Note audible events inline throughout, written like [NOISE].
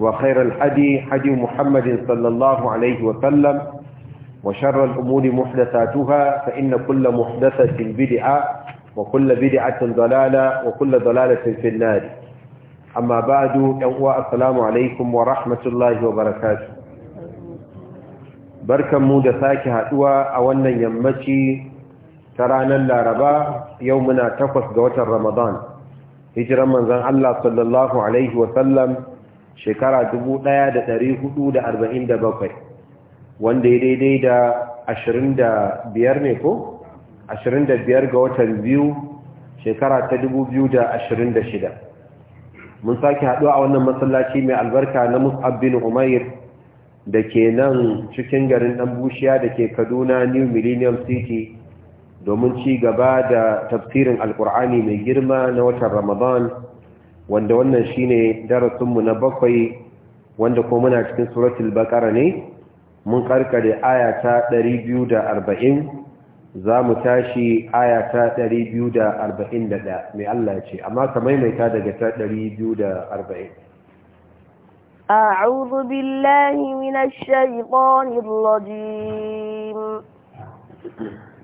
وخير الحدي حدي محمد صلى الله عليه وسلم وشر الأمور محدثاتها فإن كل محدثة بدعة وكل بدعة ضلالة وكل ضلالة في النار أما بعد يوء السلام عليكم ورحمة الله وبركاته بركة مودثاك هدوى أولا يمتي ترانا اللارباء يومنا تقص دوة رمضان هجر منزان الله صلى الله عليه وسلم shekara 1447 wanda ya daidai da 25 ne ko 25 ga watan biyu shekara ta 2026 mun sake haɗu a wannan masallaci mai albarka na mus'ab umair da ke nan cikin garin ɗan bushiya da ke kaduna new millennium city domin ci gaba da tafsirin alkur'ani mai girma na watan ramadan wanda wannan shine darasinmu na bakwai wanda ko muna cikin suratul baqara ne mun karkare aya ta 240 za mu tashi aya ta 241 mai Allah ce amma ka maimaita daga ta 240 أعوذ بالله من الشيطان الرجيم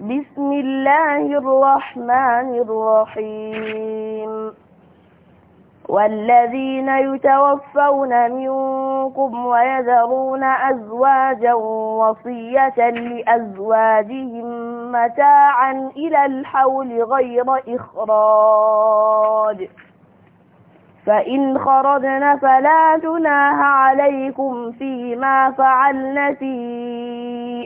بسم الله الرحمن الرحيم والذين يتوفون منكم ويذرون أزواجا وصية لأزواجهم متاعا إلى الحول غير إخراج فإن خرجن فلا تناه عليكم فيما فعلن في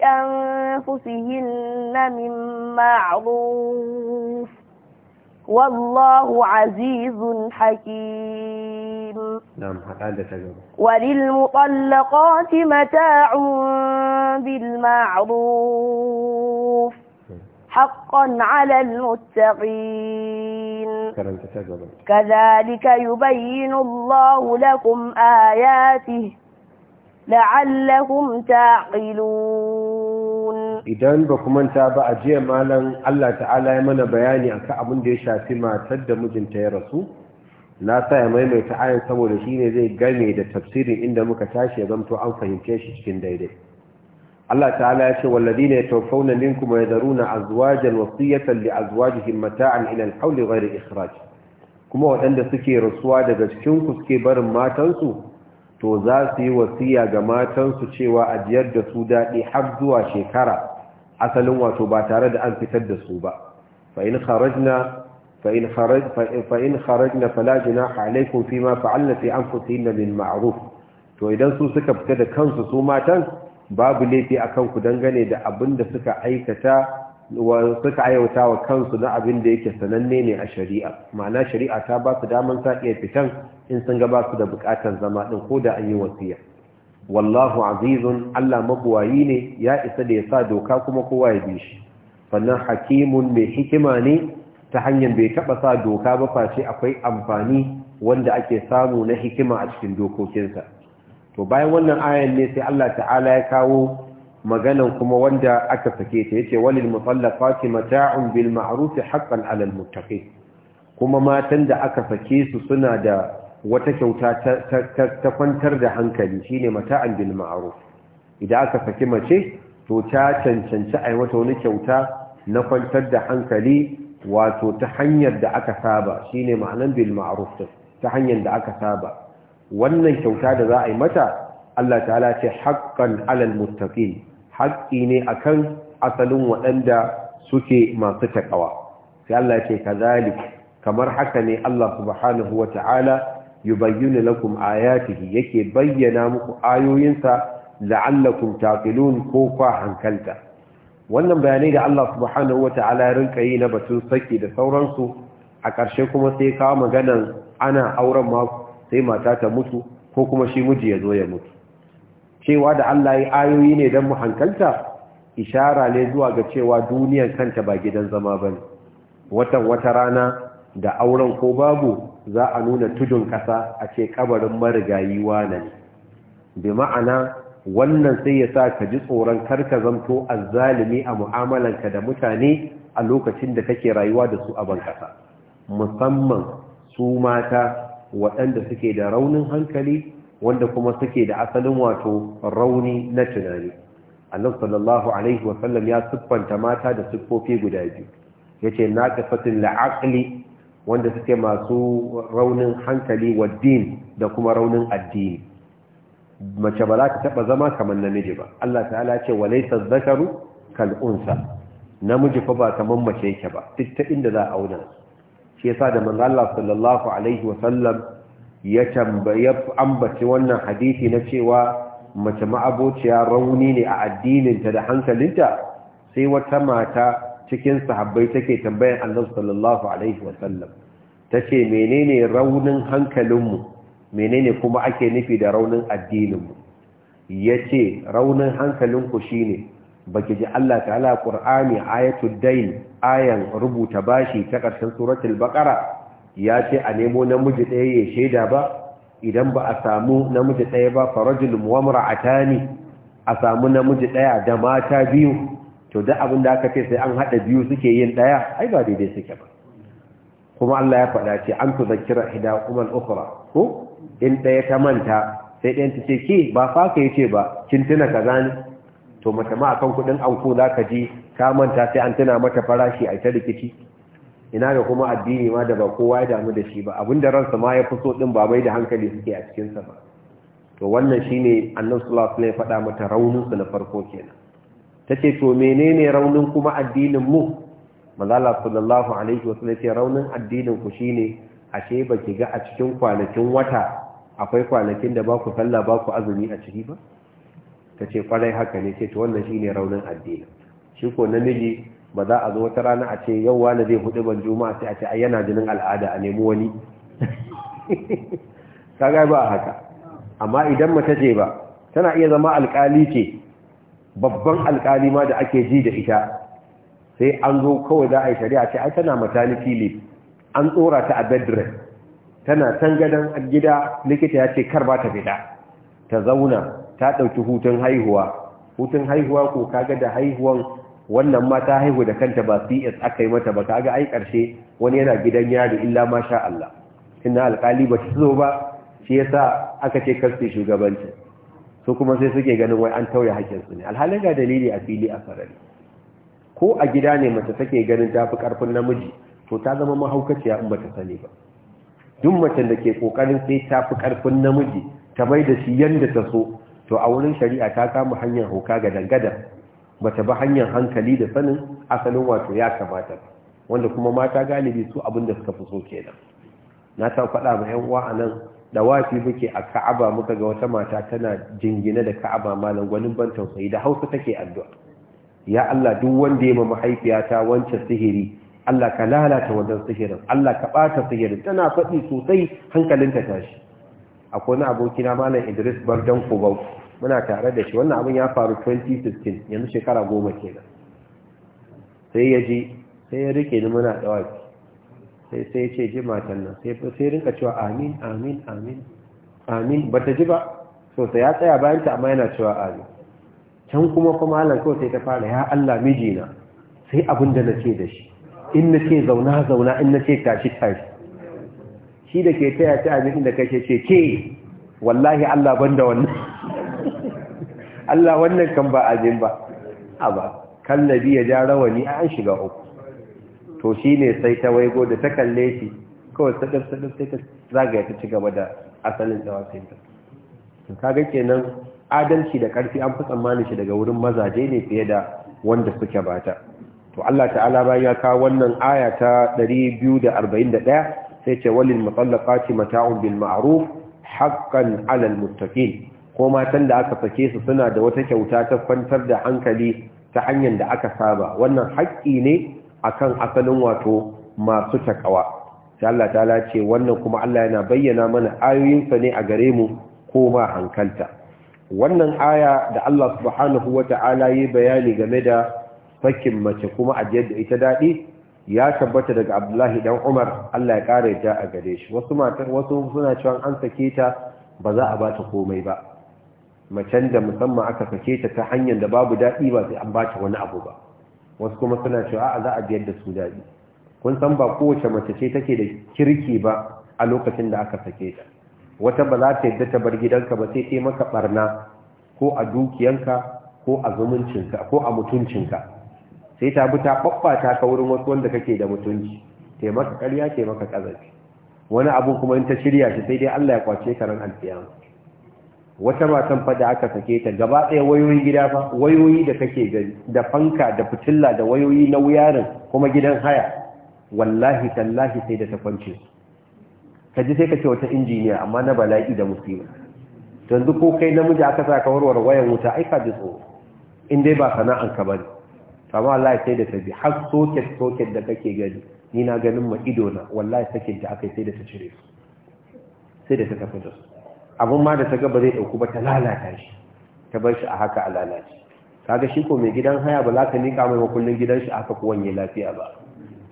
أنفسهن من معروف والله عزيز حكيم نعم وللمطلقات متاع بالمعروف حقا على المتقين كذلك يبين الله لكم آياته la'allahum ta'qilun idan ba ku manta ba a jiya malam Allah ta'ala ya mana bayani akan abin da ya shafi matar da mijinta ya rasu na sa ya maimaita ayan saboda shine zai game da tafsirin inda muka tashi ya zamto an fahimce shi cikin daidai Allah ta'ala ya ce walladina yatawaffawna minkum wa yadharuna azwajan wasiyatan li azwajihim mata'an ila al-hawli ghayra ikhraj kuma waɗanda suke rasuwa daga cikin ku suke barin matansu to za su yi wasiya ga matansu cewa ajiyar da su daɗi har zuwa shekara asalin wato ba tare da an fitar da su ba fa'in kharajna fa'in kharaj fa'in kharajna fala junaha alaikum fima fa'alna min ma'ruf to idan su suka fita da kansu su matan babu laifi akan kanku dangane da abin da suka aikata suka aiwata wa kansu na abin da yake sananne ne a shari'a ma'ana shari'a ta ba su daman sa iya fitan in sun ga ba su da bukatar zama ɗin ko da an yi wasiya wallahu azizun Allah mabuwayi ne ya isa da ya sa doka kuma kowa ya bi shi sannan hakimun mai hikima ne ta hanyar bai taɓa sa doka ba face akwai amfani wanda ake samu na hikima a cikin dokokinsa to bayan wannan ayan ne sai Allah ta'ala ya kawo maganan kuma wanda aka sake ta yace walil mutallaqati mata'un bil ma'ruf haqqan muttaqin kuma matan da aka sake su suna da wata kyauta ta kwantar da hankali shine mata'an bil ma'ruf idan aka sake mace to ta cancanci ai wata wani kyauta na kwantar da hankali wato ta hanyar da aka saba shine ma'anan bil ma'ruf ta hanyar da aka saba wannan kyauta da za a yi mata Allah ta'ala ce haqqan 'alal muttaqin haƙƙi ne akan asalin waɗanda suke masu taƙawa sai Allah ce kazalik kamar haka ne Allah subhanahu wata'ala bayyana lakum ayatihi yake bayyana muku ayoyinsa la'allakum taqilun ko kwa hankalta wannan bayanai da Allah subhanahu ta'ala rinka yi na batun saki da sauransu a ƙarshe kuma sai kawo maganan ana auren ma sai mata ta mutu ko kuma shi miji ya zo ya mutu cewa da Allah ya ayoyi ne don mu hankalta ishara ne zuwa ga cewa duniyar kanta ba gidan zama ba ne watan wata rana da auren ko babu za a nuna tudun kasa a ce kabarin marigayi wane ne bi ma'ana wannan sai ya sa ka ji tsoron karka zamto azzalimi a mu'amalanka da mutane a lokacin da kake rayuwa da su a ban kasa musamman su mata waɗanda suke da raunin hankali wanda kuma suke da asalin wato rauni na tunani annabi sallallahu alaihi wasallam ya siffanta mata da siffofi guda biyu yace naqifatul la'aqli wanda suke masu raunin hankali wa din da kuma raunin addini mace ba za ta taba zama kamar namiji ba Allah ta'ala ce walaysa dhakaru kal unsa namiji fa ba kamar mace yake ba duk ta inda za a auna shi yasa da manzo Allah sallallahu alaihi wasallam ya tambaya ambaci wannan hadithi na cewa mace ma'abociya rauni ne a addininta da hankalinta sai wata mata cikin sahabbai take tambayar Allah sallallahu alaihi wasallam menene raunin hankalinmu menene kuma ake nufi da raunin addininmu yace raunin hankalinku shine baki ji Allah ta'ala ƙur'ani ayatul dayn ayan rubuta bashi ta ƙarshen suratul baƙara? ya ce a nemo namiji ɗaya ya shaida ba idan ba a samu namiji ɗaya ba farajin muwamura a tani a samu namiji ɗaya da mata biyu to da abin da aka ce sai an haɗa biyu suke yin ɗaya ai ba daidai suke ba kuma Allah ya faɗa ce an tu zakira hida kuma al'ukura ko in ɗaya ta manta sai ɗayan ta ce ke ba fa ka ce ba kin tuna ka zane to mata ma akan kuɗin anko za ka ji ka manta sai an tuna mata farashi a ita rikici ina da kuma addini ma da ba kowa ya damu da shi ba abinda ransa ma ya fi so din ba bai da hankali suke a cikinsa ba to wannan shine annabi sallallahu alaihi wasallam ya faɗa mata raunin su na farko kenan tace to menene raunin kuma addinin mu manzo sallallahu alaihi wasallam ya raunin addinin ku shine ashe ba ki ga a cikin kwanakin wata akwai kwanakin da ba ku sallah ba ku azumi a ciki ba tace kwarai haka ne ce to wannan shine raunin addinin shi ko namiji ba za a zo wata rana a ce yau na zai hudu ban juma'a sai a ce a yana jinin al'ada a nemi wani Ta [LAUGHS] kaga ba a haka amma idan mace ce ba tana iya zama alkali ce babban alkali ma da ake ji da ita sai an zo kawai za a yi shari'a ce ai tana maternity fili an tsora ta a bedrin tana can gadon gida likita ya ce kar ba ta fita ta zauna ta ɗauki hutun haihuwa hutun haihuwa ko kaga da haihuwan wannan ma ta haihu da kanta ba cs aka yi mata ba ga ai karshe wani yana gidan yari illa masha Allah inna alƙali ba ta zo ba shi yasa aka ce karfe shugabanci su kuma sai suke ganin wai an tauye haƙƙinsu ne alhalin ga dalili a fili a sarari ko a gida ne mace take ganin ta fi ƙarfin namiji to ta zama mahaukaciya in bata sani ba duk macen da ke kokarin sai ta fi ƙarfin namiji ta mai da shi yanda ta so to a wurin shari'a ta kama hanyar hoka ga dangada bata bi hanyar hankali da sanin asalin wato ya kamata wanda kuma mata galibi su abin da suka fi so kenan na ta faɗa ma yan uwa anan da wafi muke a Ka'aba muka ga wata mata tana jingine da Ka'aba malam gwanin ban tausayi da Hausa take addu'a ya Allah duk wanda ya ma mahaifiyata wancan sihiri Allah ka lalata wannan sihirin Allah ka bata sihirin tana faɗi sosai hankalinta tashi akwai wani abokina malam Idris Bardan Kubau muna tare da shi wannan abin ya faru 2016 yanzu shekara goma kenan sai ya ji sai ya rike ni muna da waki sai sai ya ce ji matan nan sai sai rinka cewa amin amin amin amin bata ji ba so sai ya tsaya bayan ta amma yana cewa amin can kuma kuma mallan ko sai ta fara ya Allah mijina sai abin da nake da shi in nake zauna zauna in nake tashi tashi shi da ke taya ta abin da kake ce ke wallahi Allah banda wannan Allah wannan kan ba abin ba ba, kan nabi ya ja rawani an shiga uku to shine sai ta waigo da ta kalle shi kawai sadar sadar sai ta zagaya ta ci gaba da asalin tsawafin ta kaga kenan adalci da karfi an fi tsammanin shi daga wurin mazaje ne fiye da wanda suke bata to Allah ta'ala bayan ya kawo wannan aya ta 241 sai ce walil mutallaqati mata'un bil ma'ruf haqqan 'alal muttaqin ko matan da aka sake su suna da wata kyauta ta kwantar da hankali ta hanyar da aka saba wannan haƙƙi ne akan asalin wato masu takawa sai Allah ta'ala ce wannan kuma Allah yana bayyana mana ayoyinsa ne a gare mu ko ma hankalta wannan aya da Allah subhanahu wata'ala yi bayani game da sakin mace kuma ajiyar da ita daɗi ya tabbata daga Abdullahi dan Umar Allah ya ƙara ya a gare shi wasu matan wasu suna cewa an sake ta ba za a ba ta komai ba macen da musamman aka sake ta ta hanyar da babu daɗi ba sai an ba ta wani abu ba wasu kuma suna cewa a za a biyar da su daɗi kun san ba kowace mace ce take da kirki ba a lokacin da aka sake ta wata ba za ta yadda ta bar gidanka ba sai ta maka barna ko a dukiyanka ko a zumuncinka ko a mutuncinka sai ta bi ta ɓaɓɓata ka wurin wasu wanda kake da mutunci ta maka ƙarya ta maka ƙazafi wani abu kuma in ta shirya shi sai dai Allah ya kwace ka ran alfiyama wata matan fada aka sake ta gaba ɗaya wayoyin gida fa wayoyi da kake gani da fanka da fitilla da wayoyi na wuyarin kuma gidan haya wallahi tallahi sai da ta kwance ka ji sai ka ce wata injiniya amma na bala'i da musiba yanzu ko kai namiji aka sa ka warware wayan wuta ai ka ji tsoro in dai ba sana'an ka bane amma wallahi sai da ta bi har soket soket da kake gani ni na ganin ma ido na wallahi sakin ta akai sai da ta cire sai da ta tafi da su abin ma da ta ga ba zai ɗauku ba ta lalata shi ta bar shi a haka a lalace kaga shi ko mai gidan haya ba za ka nika mai makullin gidan shi aka kuwan yi lafiya ba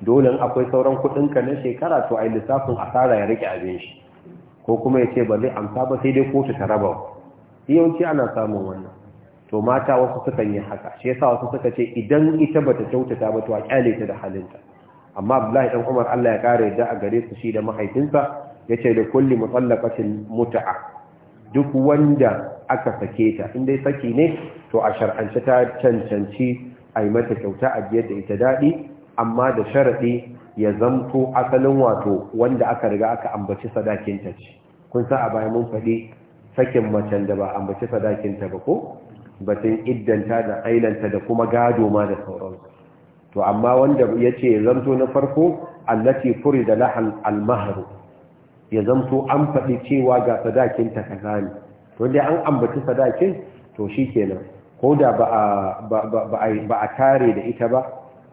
dole akwai sauran kuɗin ka na shekara to a yi lissafin asara ya rike abin shi ko kuma ya ce ba zai amsa ba sai dai kotu ta raba ba. yawanci ana samun wannan to mata wasu sukan yi haka shi yasa wasu suka ce idan ita ba ta kyautata ba to a kyale ta da halinta amma Abdullahi dan Umar Allah ya kare da a gare su shi da mahaifinsa yace da kulli mutallaqatin mutu'a duk wanda aka sake ta in dai saki ne to a shar'anci ta cancanci ai mata kyauta a biyar da ita daɗi amma da sharaɗi ya zamto asalin wato wanda aka riga aka ambaci sadakin ta ce kun sa a baya mun faɗi sakin macen da ba ambaci sadakin ta ba ko batun iddanta da ailanta da kuma gado ma da sauransu to amma wanda yace zamto na farko allati da lahal al ya zamto an faɗi cewa ga sadakin ta kaza ne to dai an ambaci sadakin to shikenan ko da ba a tare da ita ba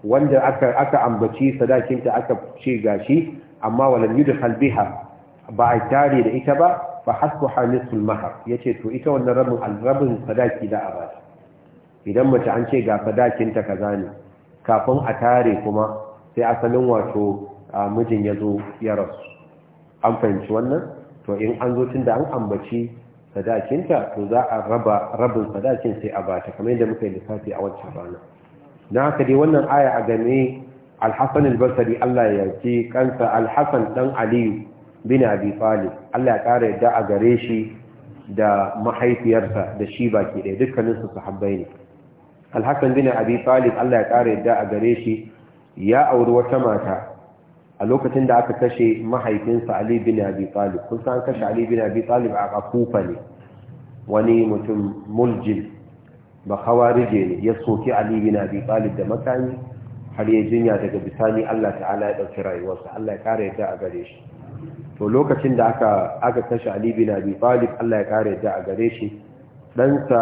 wanda aka ambaci sadakin ta aka ce gashi amma walam yudkhal biha ba a tare da ita ba fa hasbuha sulmaha, mahar yace to ita wannan rabin alrabin sadaki da a bata idan mace an ce ga sadakin ta kaza ne kafin a tare kuma sai asalin wato mijin ya zo ya rasu an fahimci wannan to in an zo tun da an ambaci sadakinta to za a raba rabin sadakin sai a bata kamar yadda muka yi lissafi a wancan rana na haka dai wannan aya a game alhassan albasari allah ya yarce kansa alhassan dan aliyu bin abi talib allah ya kara yadda a gare shi da mahaifiyarsa da shi baki ɗaya dukkaninsu sahabbai ne alhassan bin abi talib allah ya kara yadda a gare shi ya auri wata mata a lokacin da aka kashe mahaifinsa Ali bin Abi Talib kun san kashe Ali bin Abi Talib a Kufa ne wani mutum muljin ba khawarije ne ya soki Ali bin Abi Talib da makami har ya jinya daga bisani Allah ta'ala ya dauki rayuwarsa Allah ya kare ta a gare shi to lokacin da aka aka kashe Ali bin Abi Talib Allah ya kare ta a gare shi ɗansa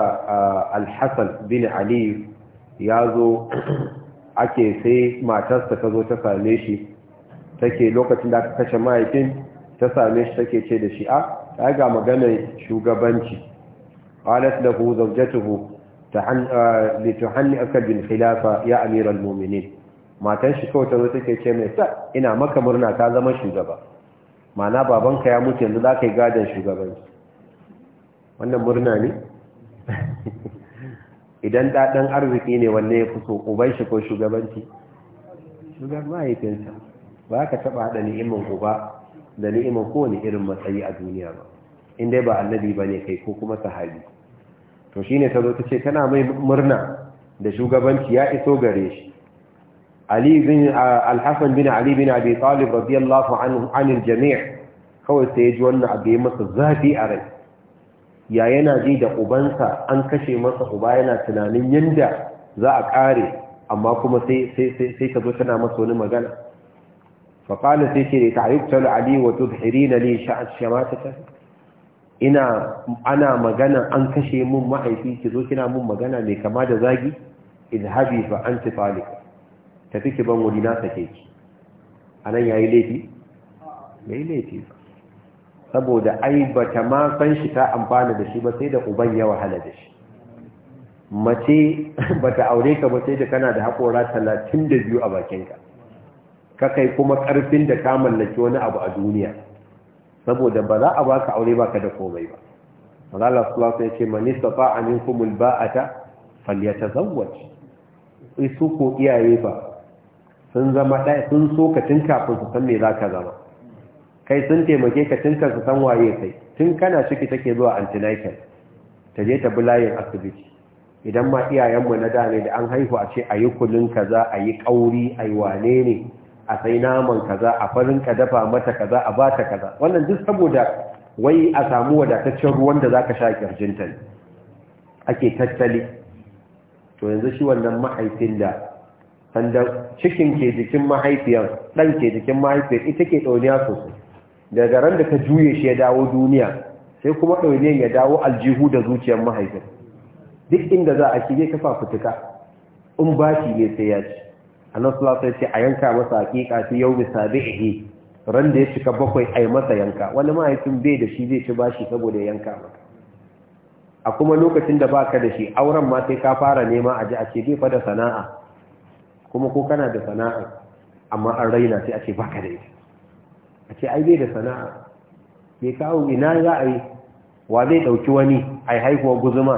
Al-Hasan bin Ali ya zo [CLEARS THROAT] ake sai matarsa ta zo ta same shi take lokacin da aka kashe mahaifin ta same shi take ce da shi a ah, ta ga maganar shugabanci qalat lahu zawjatuhu ah, li tuhanni aka bil khilafa ya amiral mu'minin matan shi kawai ta take ce mai sa ina maka murna ta zama shugaba mana babanka ya mutu yanzu za ka yi gadon shugabanci wannan murna ne [LAUGHS] idan daɗin arziki ne wanne ya fi so uban shi ko shugabanci shugaban mahaifinsa ba ka taɓa haɗa ni'iman uba da ku kowane irin matsayi a duniya ba in dai ba annabi ba ne kai ko kuma sahabi to shi ne ta zo ta ce tana mai murna da shugabanci ya iso gare shi Ali bin al bin Ali bin Abi Talib radiyallahu anhu anil jami' kawai sai ya ji wannan abu ya masa zafi a rai ya yana ji da ubansa an kashe masa uba yana tunanin yanda za a kare amma kuma sai sai sai ta zo tana masa wani magana faƙala sai ce ta ayyuktar ali wato tudhiri na ne shamatata ina ana magana an kashe mun mahaifi ki zo kina mun magana mai kama da zagi idhabi fa anti talika tafi ki ban wuri na sake ki anan yayi laifi yayi laifi saboda ai bata ma san shi ta amfana da shi ba sai da uban ya wahala da shi mace bata aure ka ba sai da kana da haƙora biyu a bakinka ka kai kuma ƙarfin da ka mallaki wani abu a duniya saboda ba za a baka aure ba ka da komai ba Allah sallallahu alaihi wasallam ya ce man istata'a minkum alba'ata falyatazawwaj isu ko iyaye ba sun zama ɗaya sun so ka tun kafin su san me za ka zama kai sun taimake ka tun kafin su san waye kai tun kana ciki take zuwa antinaikal ta je ta bi layin asibiti idan ma iyayenmu na da ne da an haihu a ce a yi kaza ayi yi ƙauri a yi wane ne a sai naman kaza a farin ka dafa mata kaza a bata kaza wannan duk saboda wai a samu wadataccen ruwan da zaka sha kirjinta ake tattali to yanzu shi wannan mahaifin da sanda cikin ke jikin mahaifiyar dan ke jikin mahaifiyar ita ke dauniya sosai Da ran da ka juye shi ya dawo duniya sai kuma ɗauniyar ya dawo aljihu da zuciyar mahaifin duk inda za a shige kafa fituka in bashi ne sai ya ci annabi sallallahu alaihi wasallam a yanka masa haƙiƙa fi yawmi sabihi ran da ya cika bakwai ai masa yanka wani mahaifin bai da shi zai ci bashi saboda yanka maka a kuma lokacin da baka da shi auren ma sai ka fara nema a ji a ce bai fa da sana'a kuma ko kana da sana'a amma an raina sai a ce baka da ita a ce ai bai da sana'a bai kawo ina za a yi wa zai ɗauki wani a yi haihuwa guzuma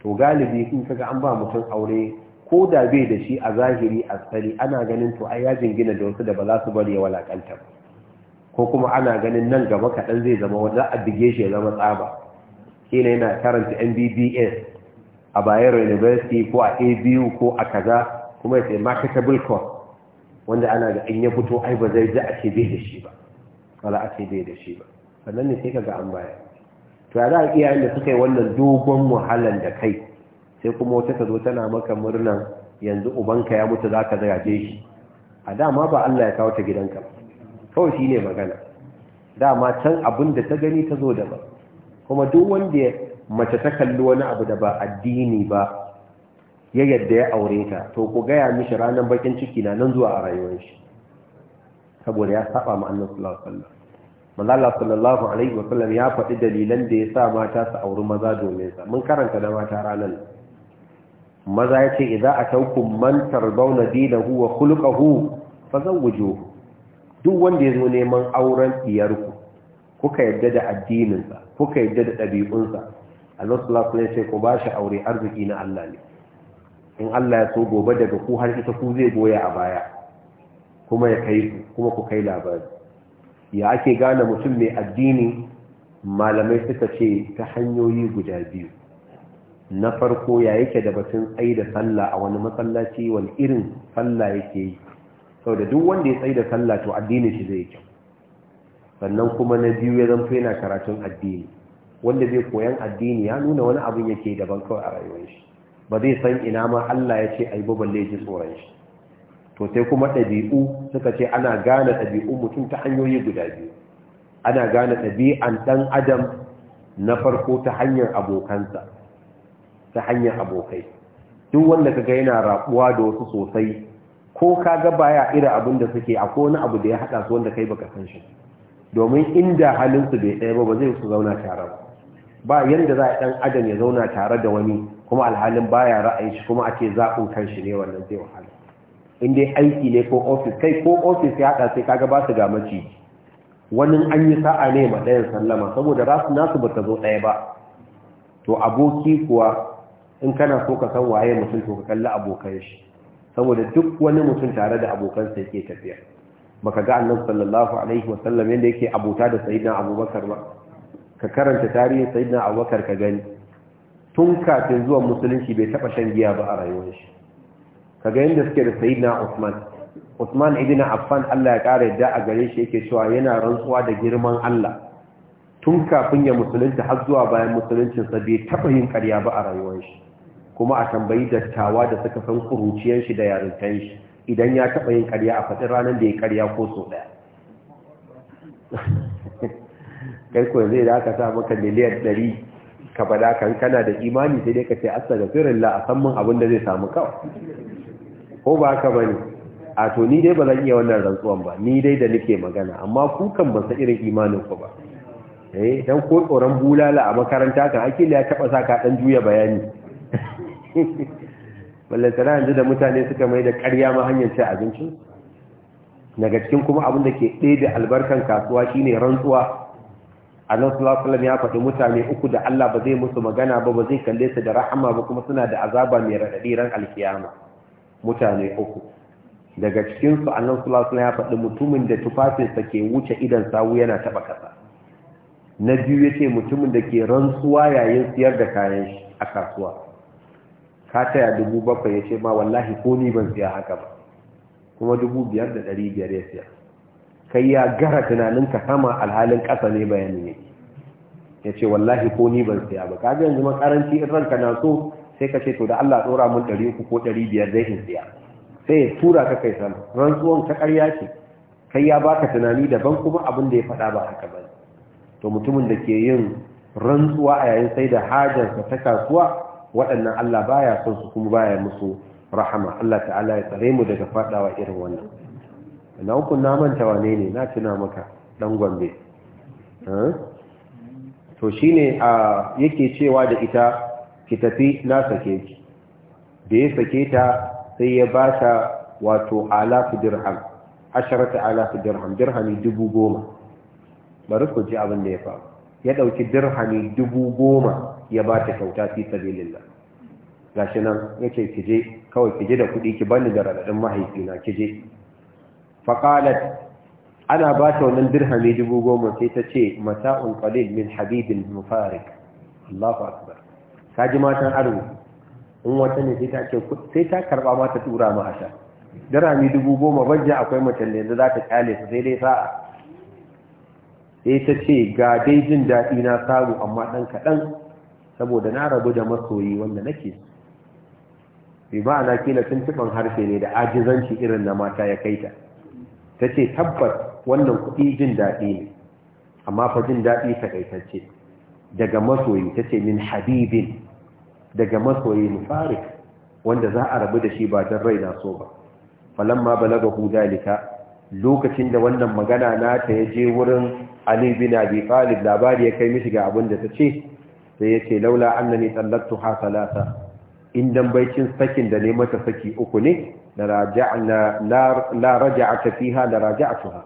to galibi in kaga an ba mutum aure ko da bai da shi a zahiri a tsari ana ganin to ai ya jingina da wasu da ba za su bari ya walakanta ba ko kuma ana ganin nan gaba kaɗan zai zama wanda a bige shi ya zama tsaba ne yana karanta mbbs a bayero university ko a abu ko a kaza kuma ya ce marketable course wanda ana ga in ya fito ai ba zai ji a ce bai da shi ba za a ce bai da shi ba sannan ne sai kaga an baya to ya za a iyayen da suka yi wannan dogon muhallan da kai sai kuma wata ta zo tana maka murnan yanzu ubanka ya mutu za ka zagaje shi a dama ba Allah ya kawo ta gidanka kawai shi ne magana dama can abin da ta gani ta zo da kuma duk wanda ya mace ta kalli wani abu da ba addini ba ya yadda ya aure ta to ku gaya mishi ranar bakin ciki na nan zuwa a rayuwar shi saboda ya saba ma annan sallallahu alaihi wasallam sallallahu alaihi wasallam ya faɗi dalilan da ya sa mata su auri maza domin sa mun karanta da mata ranar maza ya ce idan a taukun mantar zauna huwa wa hu fa zan wujo duk wanda ya zo neman auren iyarku? kuka yadda da addininsa kuka yadda da ɗabi'unsa a sallallahu alaihi ku ba shi aure arziki na Allah ne in Allah ya so gobe daga ku har ita ku zai goya a baya kuma ya kai ku kuma ku kai labari ya ake gane mutum mai addini malamai suka ce ta hanyoyi guda biyu na farko ya yake da batun tsaye da sallah a wani masallaci wani irin sallah yake yi Sau da duk wanda ya tsaye da sallah to addini shi zai kyau sannan kuma na biyu ya zan yana karatun addini wanda zai koyan addini ya nuna wani abin yake daban kawai a rayuwar shi ba zai san ina ma Allah ya ce a yi balle laifin tsoron shi to sai kuma ɗabi'u suka ce ana gane ɗabi'u mutum ta hanyoyi guda biyu ana gane ɗabi'an ɗan adam na farko ta hanyar abokansa ta hanyar abokai duk wanda kaga yana rabuwa da wasu sosai ko kaga baya irin abin da suke akwai wani abu da ya hada su wanda kai baka san shi domin inda halin su bai ɗaya ba ba zai su zauna tare ba ba yanda za a dan adam ya zauna tare da wani kuma alhalin baya ra'ayin shi kuma ake zaɓin kanshi ne wannan zai wahala in dai aiki ne ko ofis kai ko ofis ya hada sai kaga ba su ga maciji wani an yi sa'a ne ma ɗayan sallama saboda rasu nasu ba ta zo ɗaya ba to aboki kuwa in kana so ka san waye mutum to ka kalli abokan shi saboda duk wani mutum tare da abokansa yake tafiya baka ga annabi sallallahu alaihi sallam yanda yake abota da sayyidina abubakar ba ka karanta tarihin sayyidina abubakar ka gani tun kafin zuwan musulunci bai taba shan giya ba a rayuwar shi kaga yanda suke da sayyidina usman usman ibn affan Allah ya kare da a gare shi yake cewa yana rantsuwa da girman Allah tun kafin ya musulunta har zuwa bayan musuluncinsa bai taba yin ƙarya ba a rayuwar shi kuma a tambayi dattawa da suka san kuruciyar shi da yarintan shi idan ya taɓa yin ƙarya a faɗin ranar da ya ƙarya ko so ɗaya [LAUGHS] kai ko zai da ka sa maka miliyan ɗari ka bada kan kana da imani sai dai ka ce asta da firin la a san mun abin da zai samu kawai ko ba ka bane a to ni dai ba zan iya wannan rantsuwan ba ni dai da nake magana amma ku kan ban san irin imanin ku ba eh dan ko tsoron bulala a makaranta kan akili ya taba saka dan juya bayani [LAUGHS] ballantana yanzu da mutane suka mai da karya ma hanyar ci abinci? daga cikin kuma abin da ke ɗaya da albarkan kasuwa shine rantsuwa a nan sulasulam ya faɗi mutane uku da allah ba zai musu magana ba ba zai kalle su da rahama ba kuma suna da azaba mai raɗaɗi ran alkiyama mutane uku daga cikinsu a nan sulasulam ya faɗi mutumin da tufafinsa ke wuce idan sawu yana taɓa ƙasa na biyu ya ce mutumin da ke rantsuwa yayin siyar da kayan shi a kasuwa ka taya dubu bakwai ya ce ma wallahi ko ni ban siya haka ba kuma dubu biyar da ɗari biyar ya siya kai ya gara tunaninka sama alhalin ƙasa ne bayanin ne ya ce wallahi ko ni ban siya ba kaji yanzu makaranci in ranka na so sai ka ce to da Allah tsora mun ɗari uku ko ɗari biyar zai in siya sai ya tura ka kai sama rantsuwan ta ƙarya ce kai ya baka tunani daban kuma abin da ya faɗa ba haka ba to mutumin da ke yin rantsuwa a yayin sai da hajarsa ta kasuwa waɗannan Allah baya son su kuma baya musu rahama Allah ta'ala ya tsare mu daga faɗawa irin wannan na uku na manta wane ne na tuna maka ɗan gwambe. to shine a yake cewa da ita ki tafi na sake ki da ya sake ta sai ya ba ta wato alafi dirham asharata alafi dirham dirhami dubu goma bari ku ji abin da ya faru ya ɗauki dirhami dubu goma ya ba ta kyauta fi ga shi nan ya ce kije kawai kije da kuɗi ki bani da raɗaɗin mahaifina kije faƙalat ana ba ta wannan dirhami dubu goma sai ta ce mata'un qalil min habibin mufarik Allahu akbar ji matan aro in wata ne sai ta ce sai ta karba ma ta tura ma asha dirhami dubu goma bajja akwai mace da yanzu za ta kyale su sai dai sa'a sai ta ce ga dai jin daɗi na samu amma ɗan kaɗan saboda na rabu da masoyi wanda nake bai ba na kila tuntuɓin harshe ne da ajizanci irin na mata ya kai ta ta ce tabbas wannan kuɗi jin daɗi ne amma fa jin daɗi takaitacce daga masoyi ta ce min habibin daga masoyi mufarik wanda za a rabu da shi ba don rai na so ba falamma balaga hu dalika lokacin da wannan magana nata ya je wurin Ali bin Abi Talib labari ya kai mishi ga abin da ta ce sai ya ce laula annani tsallaktu ha salasa in dan baicin sakin da ne mata saki uku ne la raja'na la raja'ata fiha la raja'atuha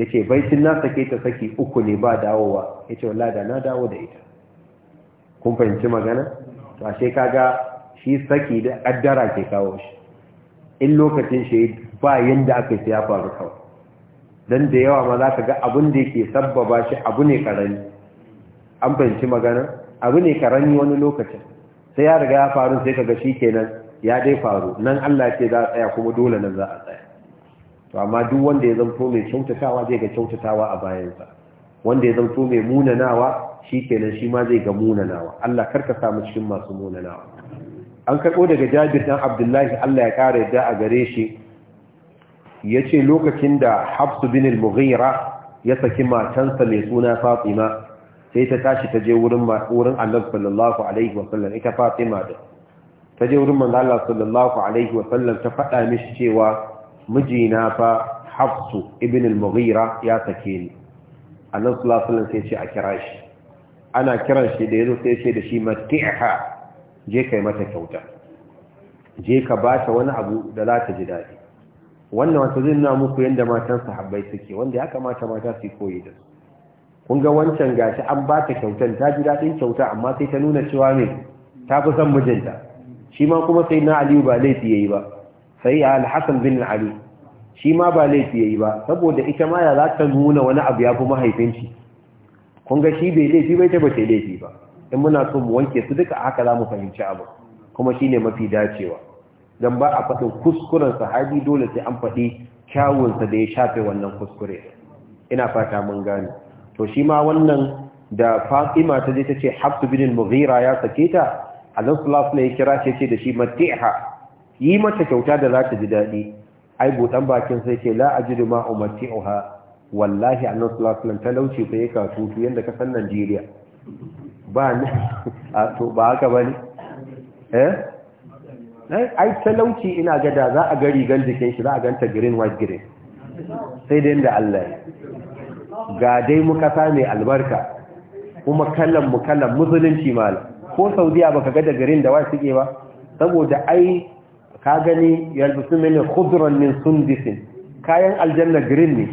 yace baicin na sake ta saki uku ne ba dawowa yace wallahi da na dawo da ita kun fahimci magana to ashe kaga shi saki da addara ke kawo shi in lokacin shi ba yanda aka yi ya faru kawai don da yawa ma za ka ga abin da yake sabbaba shi abu ne karani an fahimci magana abu ne karani wani lokacin sai ya riga ya faru sai ka ga shi kenan ya dai faru nan Allah ce za a tsaya kuma dole nan za a tsaya to amma duk wanda ya zanto mai kyautatawa zai ga kyautatawa a bayansa wanda ya zanto mai munanawa shi kenan shi ma zai ga munanawa Allah karka samu cikin masu munanawa an karɓo daga jabir dan abdullahi Allah ya ƙara yadda a gare shi ya ce lokacin da hafsu bin al-mughira ya saki matansa mai suna fatima sai ta tashi ta je wurin wurin sallallahu alaihi wa sallam ita fatima da ta je wurin manzo Allah sallallahu alaihi wa sallam ta faɗa mishi cewa mijina fa hafsu ibn al-mughira ya sake ni annabi sallallahu alaihi wa sallam sai ce a kira shi ana kiran shi da yazo sai ce da shi matiha je kai mata kyauta je ka ba ta wani abu da za ta ji daɗi wannan wata zai nuna muku yadda matan sahabbai suke wanda ya kamata mata su koyi da su kun ga wancan gashi an ba ta kyautan ta ji daɗin kyauta amma sai ta nuna cewa ne ta fi son mijinta shi ma kuma sai na aliyu ba laifi ya yi ba sai ya alhassan bin ali shi ma ba laifi ya yi ba saboda ita ma ya za ta nuna wani abu ya fi mahaifinci kun ga shi bai laifi bai ta ba laifi ba in muna so mu wanke su duka haka za mu fahimci abu kuma shi ne mafi dacewa dan ba a faɗin kuskuren sahabi dole sai an faɗi kyawunsa da ya shafe wannan kuskure ina fata mun gane to shi ma wannan da Fatima ta je ta ce hafsu bin Mughira ya sake ta Allah sallallahu alaihi kira ce ce da shi matiha yi mata kyauta da za ta ji daɗi? ai budan bakin sai ce la ajidu ma umatiha wallahi Allah sallallahu alaihi talauci fa yaka tutu yanda ka san Najeriya ba ne [LAUGHS] a to ba haka bane eh Eh, ai talauci ina gada za a ga rigar jikin shi za a ganta green white green sai dai da Allah ga dai mu kasa mai albarka kuma kallon mu kallon musulunci mal ko saudiya baka ga da green da white suke ba saboda ai ka gani yalbisu min khudran min sundis kayan aljanna green ne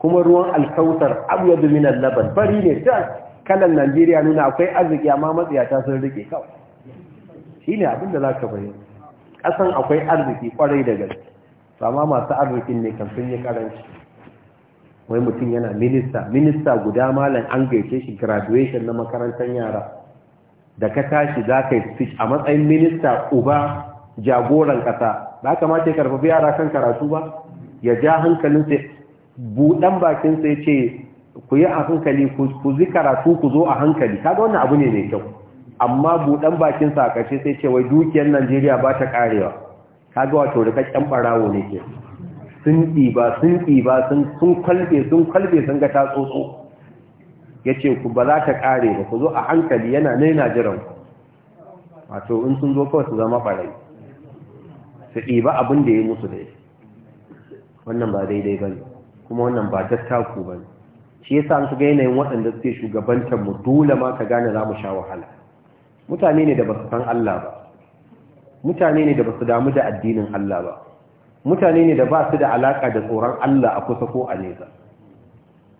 kuma ruwan alkautar abyad min al-laban bari ne ta kalan Najeriya nuna akwai arziki amma matsiyata sun rike kawai shi ne abinda za ka bayi ƙasan akwai arziki ƙwarai da gari sama masu arzikin ne kan sun yi karanci wai mutum yana minista minista guda malam an gaice shi graduation na makarantar yara da ka tashi za ka yi speech a matsayin minista uba jagoran ƙasa ba ka mace karfafi yara kan karatu ba ya ja sai buɗan bakinsa ya ce ku yi a hankali ku zi karatu ku zo a hankali kaga wannan abu ne mai kyau amma buɗan bakin sa ƙarshe sai ce wai dukiyar Najeriya ba ta ƙarewa kaga wato rikakken barawo ne ke sun ɗiba sun ɗiba sun kwalbe sun kwalbe sun ga ta tsotso ya ce ku ba za ta ƙare ba ku zo a hankali yana naina jiran ku wato in sun zo kawai su zama ɓarai su ɗiba abin da ya musu da wannan ba daidai ba ne kuma wannan ba dattaku ba ne shi yasa an su ga yanayin waɗanda suke shugabantar mu dole ma ka gane za mu sha wahala mutane ne da ba su san Allah ba mutane ne da ba su damu da addinin Allah ba mutane ne da ba su da alaka da tsoron Allah a kusa ko a nesa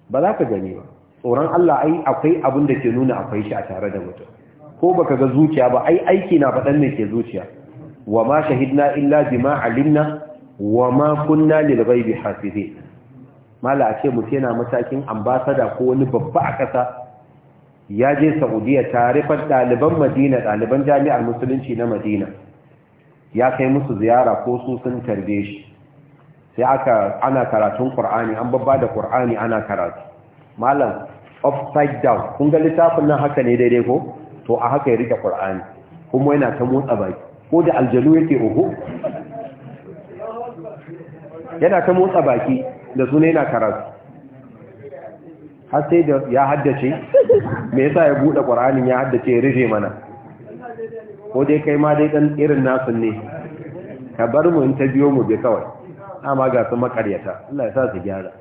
ba za ka gani ba tsoron Allah ai akwai abin da ke nuna akwai shi a tare da mutum ko baka ga zuciya ba ai aiki na faɗan ne ke zuciya wa ma shahidna illa bima alimna wa ma kunna lil ghaibi hafizin mala a ce mutum yana matakin ambasada ko wani babba a ƙasa ya je saudiya tarifar ɗaliban madina ɗaliban jami'ar musulunci na madina ya kai musu ziyara ko su sun tarbe shi sai aka ana karatun Kur'ani, an babba da Kur'ani ana karatu malam upside down kun ga littafin nan haka ne daidai ko to a haka ya rike Kur'ani. kuma yana ta motsa baki ko da aljalu yake uhu yana ta motsa baki da sune yana karatu har sai da ya haddace me yasa ya bude ƙwar'anin ya haddace rufe mana ko dai kai ma dai dan irin nasu ne ka bar mu in ta biyo mu bi kawai amma ga su makaryata Allah ya sa su gyara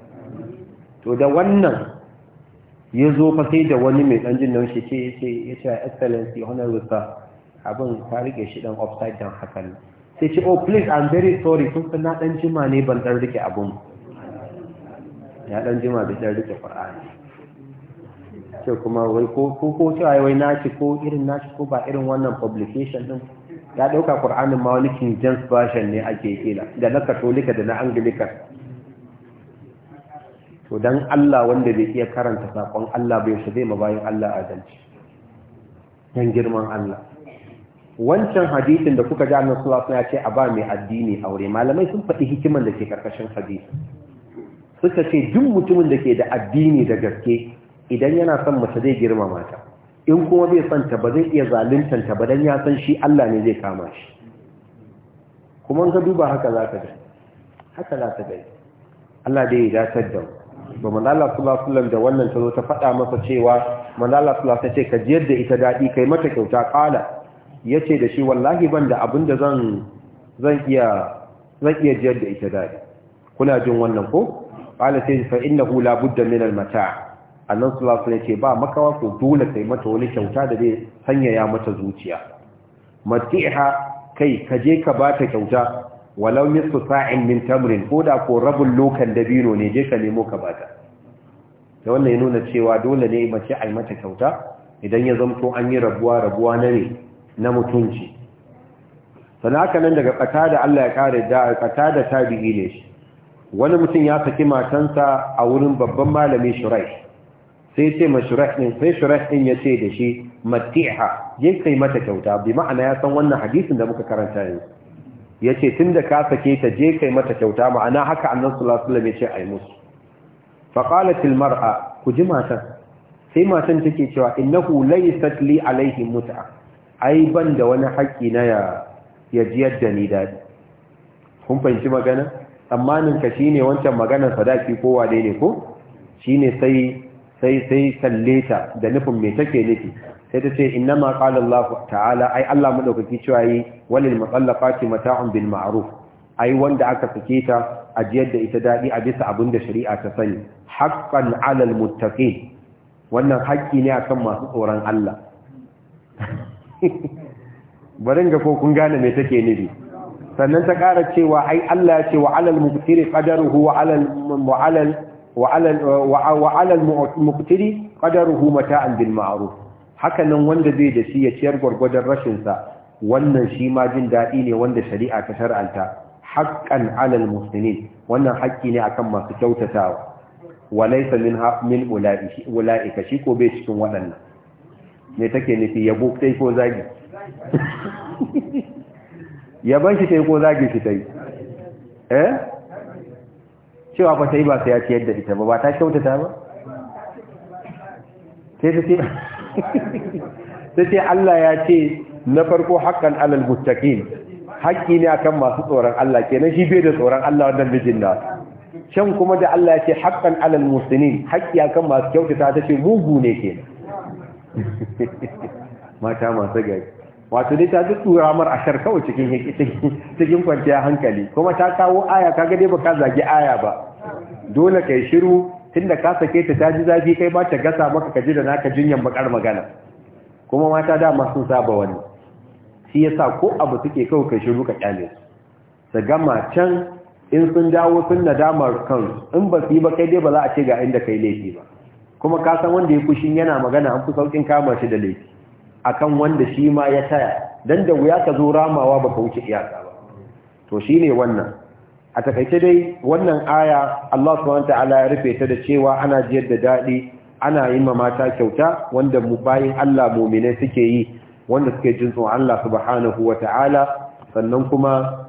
to da wannan ya zo fa sai da wani mai dan jin shi ce ya ce ya ce excellency honorable sir abin ka rike shi dan offside dan hakan sai ce oh please i'm very sorry sun fa na dan jima ne ban ɗan rike abun? ya dan jima bai dan rike qur'ani ce kuma wai ko ko cewa wai nashi ko irin nashi ko ba irin wannan publication din ya dauka Qur'anin ma wani King James version ne ake kila da na Katolika da na Anglican to dan Allah wanda bai iya karanta sakon Allah bai shi zai ma bayan Allah adalci dan girman Allah wancan hadisin da kuka ji annabi sallallahu alaihi ya ce a ba mai addini aure malamai sun faɗi hikiman da ke karkashin hadisi suka ce duk mutumin da ke da addini da gaske idan yana son mace zai girmama ta in kuma bai son ta ba zai iya zaluntar ta ba dan ya san shi Allah ne zai kama shi kuma ga duba haka zaka ga haka zaka ga Allah dai ya dace da ba manzo Allah sallallahu alaihi wasallam da wannan ta zo ta faɗa masa cewa manzo Allah sallallahu alaihi wasallam ce ka jiyar da ita dadi kai mata kyauta kala yace da shi wallahi ban da abin da zan zan iya zan iya jiyar da ita dadi kuna jin wannan ko qala sai fa innahu la budda min al mata' annan sulasun ya ce ba makawa ko dole yi mata wani kyauta da zai sanyaya mata zuciya matiha kai ka je ka ba ta kyauta walau nisfu sa'in min ko da ko rabin lokan dabino ne je ka nemo ka ba ta ta wannan ya nuna cewa dole ne mace a yi mata kyauta idan ya zamto an yi rabuwa rabuwa na ne na mutunci sannan haka nan daga kata da Allah ya kare da kata da tabi'i ne shi wani mutum ya saki matansa a wurin babban malami shurai sai ce mashurahin ɗin sai shurahin ya ce da shi matiha je kai mata kyauta bi ma'ana ya san wannan hadisin da muka karanta Ya ce tun da ka sake ta je kai mata kyauta ma'ana haka annan sallallahu alaihi ce a yi musu faƙala tilmar a ku ji matan sai matan take cewa innahu laysat li alaihi mut'a ai ban da wani haƙƙi na ya ji jiyar da ni daɗi kun fahimci magana tsammanin ka shine wancan maganar sadaki kowa ne ko Shi ne sai sai sai Talle ta da nufin me take nufi sai ta ce inna ma qala Allah ta'ala ai Allah madaukaki cewa yi walil mutallaqati mata'un bil ma'ruf ai wanda aka fike ta ajiyar da ita dadi a bisa abin da shari'a ta sani haqqan 'alal muttaqin wannan haƙƙi ne akan masu tsoron Allah [LAUGHS] barin ga ko kun gane me take nufi sannan ta ƙara cewa ai Allah ya ce wa 'alal muqtiri qadaruhu wa 'alal wa alal ƙadar qadaruhu mata'an bil ma'ruf haka nan wanda zai da shi ya ciyar gwargwadon rashin wannan shi ma jin daɗi ne wanda shari'a ta shar'anta Haƙƙan alal muslimin wannan haƙƙi ne akan masu kyautatawa walaysa min min ulaika shi ko bai cikin waɗannan me take nufi yabo sai ko zagi yaban shi sai ko zagi shi sai eh cewa fa sai ba sai ya ciyar da ita ba ba ta kyautata ba sai ta ce Allah ya ce na farko haƙƙan alal muttaqin haƙƙi ne akan masu tsoron Allah kenan shi bai da tsoron Allah wannan bijin na can kuma da Allah ya ce haƙƙan alal muslimin haƙƙi akan masu kyautata ta ce mugu ne kenan [LAUGHS] mata masu gari wato dai ta duk turamar ashar kawai cikin cikin kwanciya hankali kuma ta kawo aya kaga dai ka zagi aya ba dole yi shiru tunda ka sake ta ji zafi kai ba ta gasa maka kaji da naka jinyar bakar magana kuma mata dama sun saba wani shi yasa ko abu suke kawo kai shiru ka kyale su gama can in sun dawo sun nadamar kan in ba su yi ba kai dai ba za a ce ga inda kai laifi ba kuma ka san wanda ya kushin yana magana an fi saukin kama shi da laifi akan wanda shi ma ya taya dan da wuya ka zo ramawa ba ka wuce iyaka ba to shine wannan a takaice dai wannan aya Allah subhanahu ya rufe ta da cewa ana jiyar da daɗi, ana yi ma mata kyauta wanda mu bayin Allah mu'mine suke yi wanda suke jin tsoron Allah subhanahu wataala sannan kuma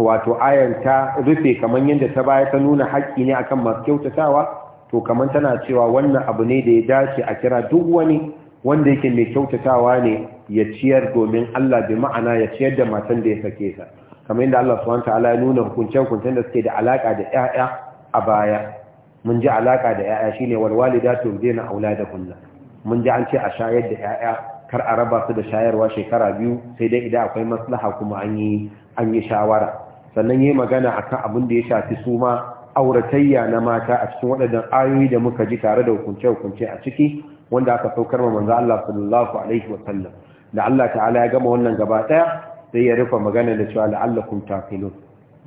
wato ayan ta rufe kamar yadda ta baya ta nuna haƙƙi ne akan masu kyautatawa to kamar tana cewa wannan abu ne da ya dace a kira duk wani wanda yake mai kyautatawa ne ya ciyar domin Allah bi ma'ana ya ciyar da matan da ya sake sa kamar yadda Allah subhanahu wa ya nuna hukuncen hukuncen da suke da alaka da ƴaƴa a baya mun ji alaka da ƴaƴa shine wal walidatu yurdina auladakunna mun ji an ce a shayar da ƴaƴa kar a raba su da shayarwa shekara biyu sai dai idan akwai maslaha kuma an yi an yi shawara sannan yi magana akan abin da ya shafi su ma auratayya na mata a cikin waɗannan ayoyi da muka ji tare da hukunce-hukunce a ciki wanda aka saukar ma manzo Allah sallallahu alaihi wa da Allah ta'ala ya gama wannan gaba daya sai ya rufe magana da cewa la'allakum taqilun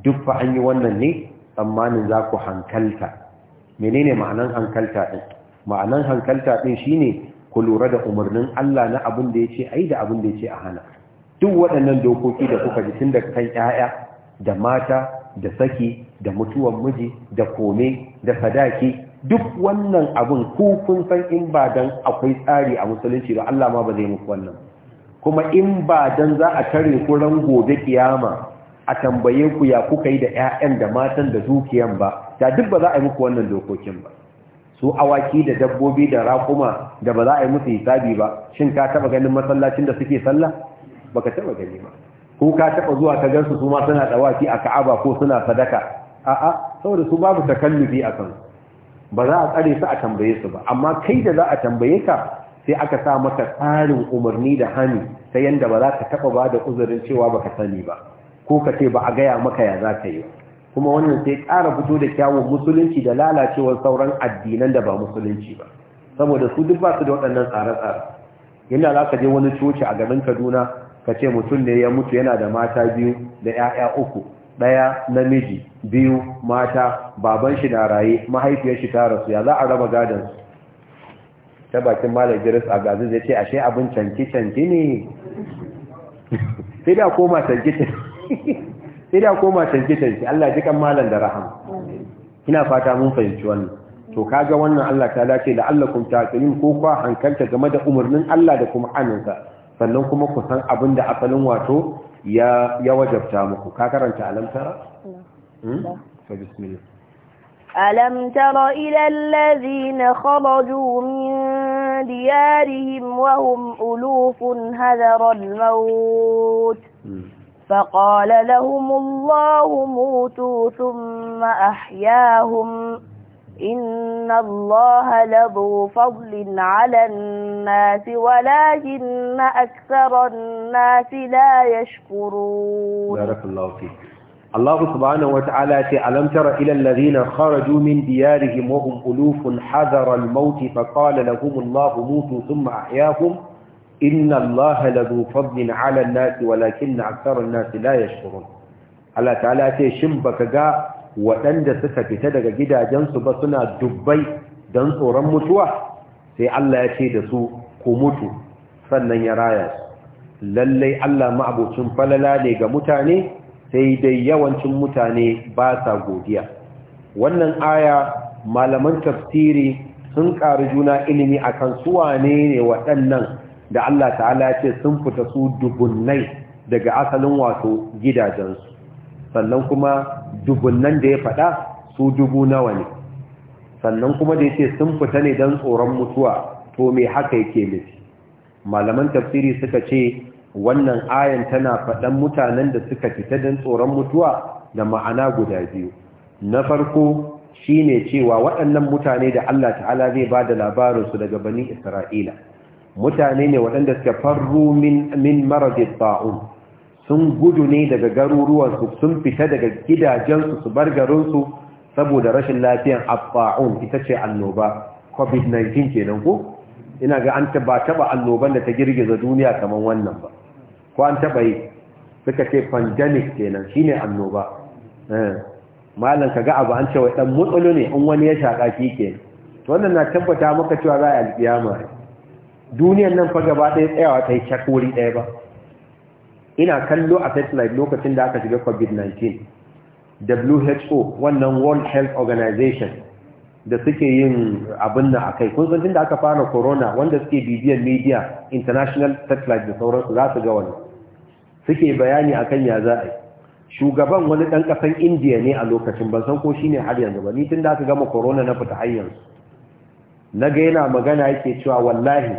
duk fa an yi wannan ne tsammanin za ku hankalta menene ma'anan hankalta din ma'anan hankalta din shine ku lura da umarnin Allah na abin da yace ai da abin da yace a hana duk waɗannan dokoki da kuka ji tun da kan 'ya'ya, da mata da saki da mutuwar miji da kome da sadaki duk wannan abin ku kun san in ba dan akwai tsari a musulunci ba Allah ma ba zai muku wannan kuma in ba dan za a tare ku ran gobe kiyama a tambaye ku ya kuka yi da ƴaƴan da matan da dukiyan ba da duk ba za a yi muku wannan dokokin ba su awaki da dabbobi da raƙuma da ba za a yi musu hisabi ba shin ka taba ganin masallacin da suke sallah baka taba gani ba ko ka taba zuwa ka gansu su ma suna dawaki a Ka'aba ko suna sadaka a'a saboda su babu takallubi a kan ba za a tsare su a tambaye su ba amma kai da za a tambaye ka sai aka sa maka tsarin umarni da hannu ta yadda ba za ka taɓa ba da uzurin cewa ba ka sani ba ko ka ce ba a gaya maka ya za ka yi kuma wannan sai ƙara fito da kyawun musulunci da lalacewar sauran addinan da ba musulunci ba saboda su duk ba su da waɗannan tsare-tsare Yana za ka je wani coci a garin kaduna ka ce mutum ne ya mutu yana da mata biyu da 'ya'ya uku ɗaya namiji biyu mata baban shi na raye mahaifiyar shi ta rasu ya za a raba gadon su ta bakin malam a Abdulaziz ya ce ashe abin canki canki ne sai da koma canki canki sai da koma canki canki Allah ji kan malam da rahama ina fata mun fahimci wannan to kaga wannan Allah ta dace da Allah kun taqilin ko kwa hankalta game da umarnin Allah da kuma aminsa sannan kuma ku san abin da asalin wato ya ya wajabta muku ka karanta alamtara hmm? to bismillah ألم تر إلى الذين خرجوا من ديارهم وهم ألوف هذر الموت فقال لهم الله موتوا ثم أحياهم إن الله لذو فضل على الناس ولكن أكثر الناس لا يشكرون بارك الله فيك Allah subhanahu wata'ala ce alam tara ila kharaju min diyarihim wa hum ulufun Mauti, fa qala lahum mutu thumma ahyaakum inna Allah ladhu fadlin 'ala nasi Walakin akthara an-nasi la yashkurun Allah ta'ala ce shin baka ga waɗanda suka fita daga gidajensu ba suna dubbai don tsoron mutuwa sai Allah ya ce da su ku mutu sannan ya raya su lallai Allah ma'abucin falala ne ga mutane sai dai yawancin mutane ba sa godiya wannan aya malaman tafsiri sun ƙari juna ilimi akan su wane ne waɗannan da Allah ta'ala Ya ce sun fita su dubunnai daga asalin wato gidajensu sannan kuma dubunnan da ya faɗa su dubu nawa ne sannan kuma da ya ce sun fita ne don tsoron mutuwa to me haka yake nufi malaman tafsiri suka ce wannan ayan tana faɗan mutanen da suka fita don tsoron mutuwa da ma'ana guda biyu na farko shine cewa waɗannan mutane da Allah ta'ala zai ba da labarinsu daga bani isra'ila mutane ne waɗanda suka farru min maradin ba'un sun gudu ne daga garuruwansu sun fita daga gidajensu su bar garinsu saboda rashin lafiyan abba'un ita ce annoba covid-19 kenan ko ina ga an ba taba annoban da ta girgiza duniya kamar wannan ba ko an taɓa yi suka ce pandemic kenan shine annoba eh, malam kaga abu an ce cewa dan mutsulu ne in wani ya shaka shi ke to wannan na tabbata maka cewa za a alkiyama duniyar nan fa gaba ɗaya tsayawa ta yi shakuri ɗaya ba ina kallo a satellite lokacin da aka shiga covid-19 WHO wannan World Health Organization da suke yin abin nan akai kun san tunda aka fara corona wanda suke bibiyar media international satellite da sauransu za su ga wannan suke bayani akan ya za a yi shugaban wani ɗan ƙasan indiya ne a lokacin ban san ko shi ne har yanzu ba ni tun da aka gama corona na fita hanyar. na ga yana magana yake cewa wallahi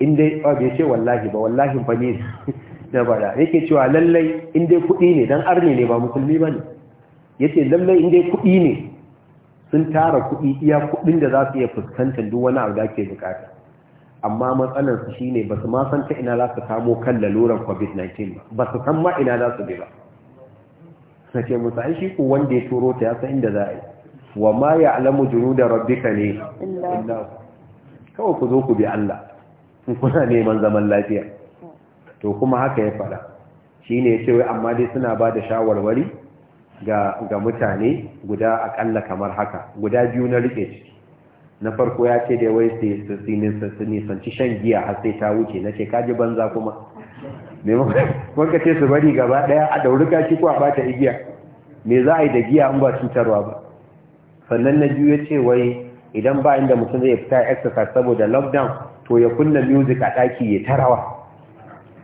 inda ya ah, bai ce wallahi ba wallahi ba ne [LAUGHS] na bada yake cewa lallai inda kuɗi ne don arne ne ba musulmi ba ne Ya ce lallai inda kuɗi ne sun tara kuɗi iya kuɗin da za su iya fuskantar duk wani abu da ke bukata amma matsalar su shine ba su ma san ta ina za su kamo kan laluran covid-19 ba ba su san ma ina za su bi ba sake musu shi ku wanda ya turo ta ya san inda za a yi wa ma ya alamu juru da ka ne kawai ku zo ku bi Allah in kuna neman zaman lafiya to kuma haka ya faɗa shi ne ya ce wai amma dai suna ba da shawarwari ga mutane guda akalla kamar haka guda biyu na rike ciki na farko ya ce da wai sai su ci shan giya har sai ta wuce na ce kaji banza kuma ka ce su bari gaba daya a dauri kashi ko a ta igiya me za a yi da giya in ba cutarwa ba sannan na biyu ya ce wai idan ba inda mutum zai fita exercise saboda lockdown to ya kunna music a daki ya tarawa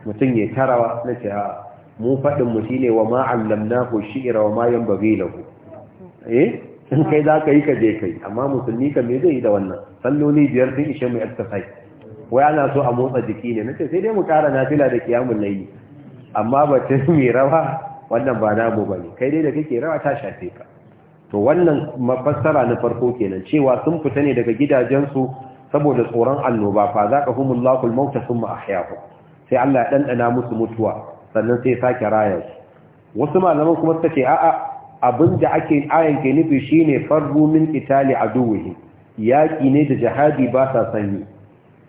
mutum ya tarawa na ce ha mu faɗin mu shine wa na allamnahu shi'ira wa ma yanbaghi lahu eh in kai za ka yi ka je kai amma musulmi ka me zai yi da wannan salloli biyar sun ishe mai exercise wai ana so a motsa jiki ne nace sai dai mu kara nafila da kiyamun laili amma batun [LAUGHS] mai rawa wannan ba namu bane kai dai da kake rawa ta shafe ka to wannan mafassara na farko kenan cewa sun fita ne daga gidajen su saboda tsoron annoba fa za ka humullahu al maut thumma ahyahu sai Allah ya dandana musu mutuwa sannan sai sake rayar wasu malaman kuma suka ce a'a abin da ake ayan ke nufi shine farbu min itali aduwihi yaƙi ne da jihadi ba sa sanyi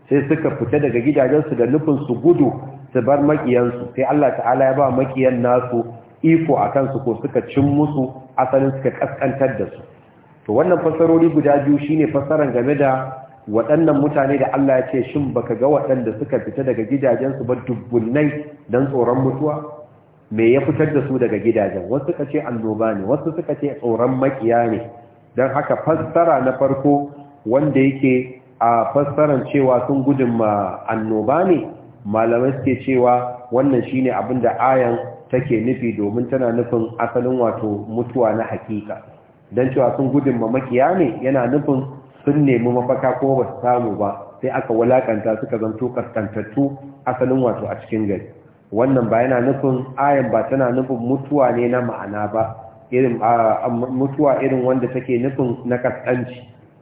sai suka fita daga gidajensu da nufin su gudu su bar makiyansu sai Allah ta'ala ya ba makiyan nasu iko a kansu ko suka cin musu asalin suka kaskantar da su to wannan fasarori guda biyu shine fasaran game da waɗannan mutane da Allah ya ce shin baka ga waɗanda suka fita daga gidajensu ba dubbunai don tsoron mutuwa me ya fitar da su daga gidajen wasu suka ce annoba ne wasu suka ce tsoron makiya ne don haka fassara na farko wanda yake a fassaran cewa sun gudun ma annoba ne malamai suke cewa wannan shine abin da ayan take nufi domin tana nufin asalin wato mutuwa na hakika don cewa sun gudun ma makiya ne yana nufin sun nemi mafaka ko ba su samu ba sai aka wulakanta suka zanto kaskantattu asalin wato a cikin gari wannan ba yana nufin ayan ba tana nufin mutuwa ne na ma'ana ba irin mutuwa irin wanda take nufin na kaskanci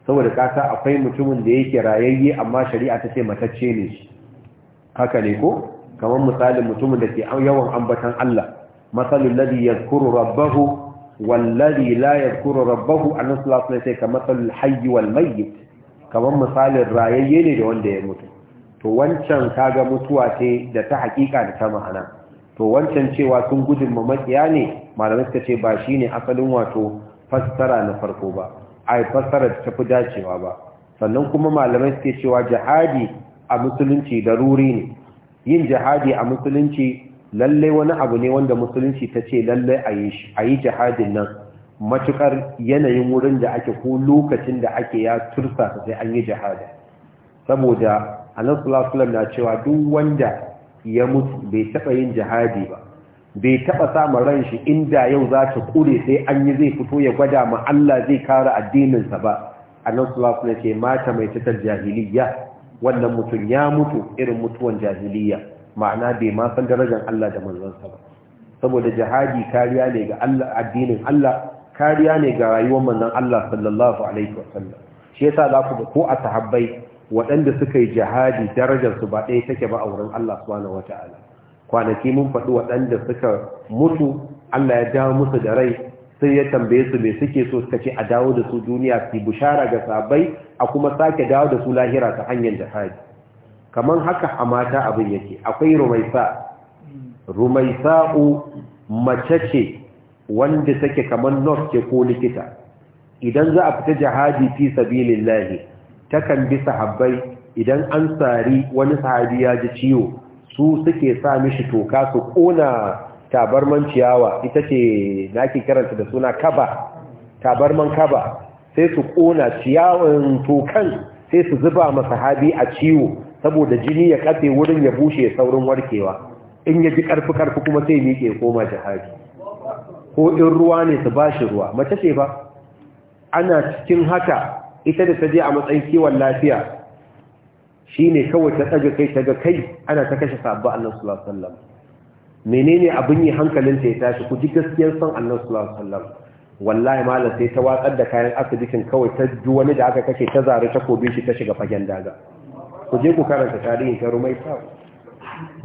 saboda kasa akwai mutumin da yake rayayye amma shari'a ta ce matacce ne shi haka ne ko kamar misalin mutumin da ke yawan ambatan Allah masalul ladhi yadhkuru rabbahu wallazi la yadhkuru rabbahu annabi sallallahu alaihi wasallam kamar wal mayyit kamar misalin rayayye ne da wanda ya mutu to wancan kaga mutuwa ce da ta hakika da ta ma'ana to wancan cewa sun gudun mamakiya ne malamai suka ce ba shine asalin wato fassara na farko ba ai fassara ta fi dacewa ba sannan kuma malamai suke cewa jihadi a musulunci daruri ne yin jihadi a musulunci lallai wani abu ne wanda musulunci ta ce lallai a yi jihadin nan matukar yanayin wurin da ake ko lokacin da ake ya tursa sai an yi jihadi saboda annabi sallallahu na cewa duk wanda ya mutu bai taba yin jihadi ba bai taɓa samun ran shi inda yau za ta kure sai an yi zai fito ya gwada ma Allah zai kare addininsa ba annabi sallallahu alaihi ce mata mai tatar jahiliya wannan mutum ya mutu irin mutuwan jahiliya ma'ana bai ma san darajar Allah da manzansa ba saboda jihadi kariya ne ga Allah addinin Allah kariya ne ga rayuwar manzon Allah sallallahu alaihi wasallam shi yasa za ku ko a sahabbai waɗanda suka yi jihadi darajarsu ba ɗaya take ba a wurin Allah subhanahu ta’ala kwanaki mun faɗi waɗanda suka mutu Allah ya dawo musu da rai sai ya tambaye su me suke so suka ce a dawo da su duniya su bushara ga sabai a kuma sake dawo da su lahira ta hanyar jihadi kamar haka a mata abin yake akwai rumaisa rumaisa'u mace ce wanda take kamar nurse ko likita idan za a fita jihadi fi sabilillahi takan bi sahabbai idan an sari wani sahabi ya ji ciwo su suke sa mishi toka su kona tabarman ciyawa ita ce na ke karanta da suna kaba tabarman kaba sai su kona ciyawan tokan sai su zuba ma sahabi a ciwo saboda jini ya katse wurin ya bushe saurin warkewa in ya ji karfi-karfi kuma sai miƙe koma jihadi ko in ruwa ne su ba shi ruwa mace ce ba ana cikin haka ita da ta je a matsayin kiwon lafiya shine kawai ta tsaga kai ta ga kai ana ta kashe sabba annabi sallallahu menene abin yi hankalin ta ya tashi ku ji gaskiyar son annabi sallallahu wallahi malam sai ta watsar da kayan asibitin kawai ta ji wani da aka kashe ta zare ta kobe shi ta shiga fagen daga ku je ku karanta tarihin ta rumai ta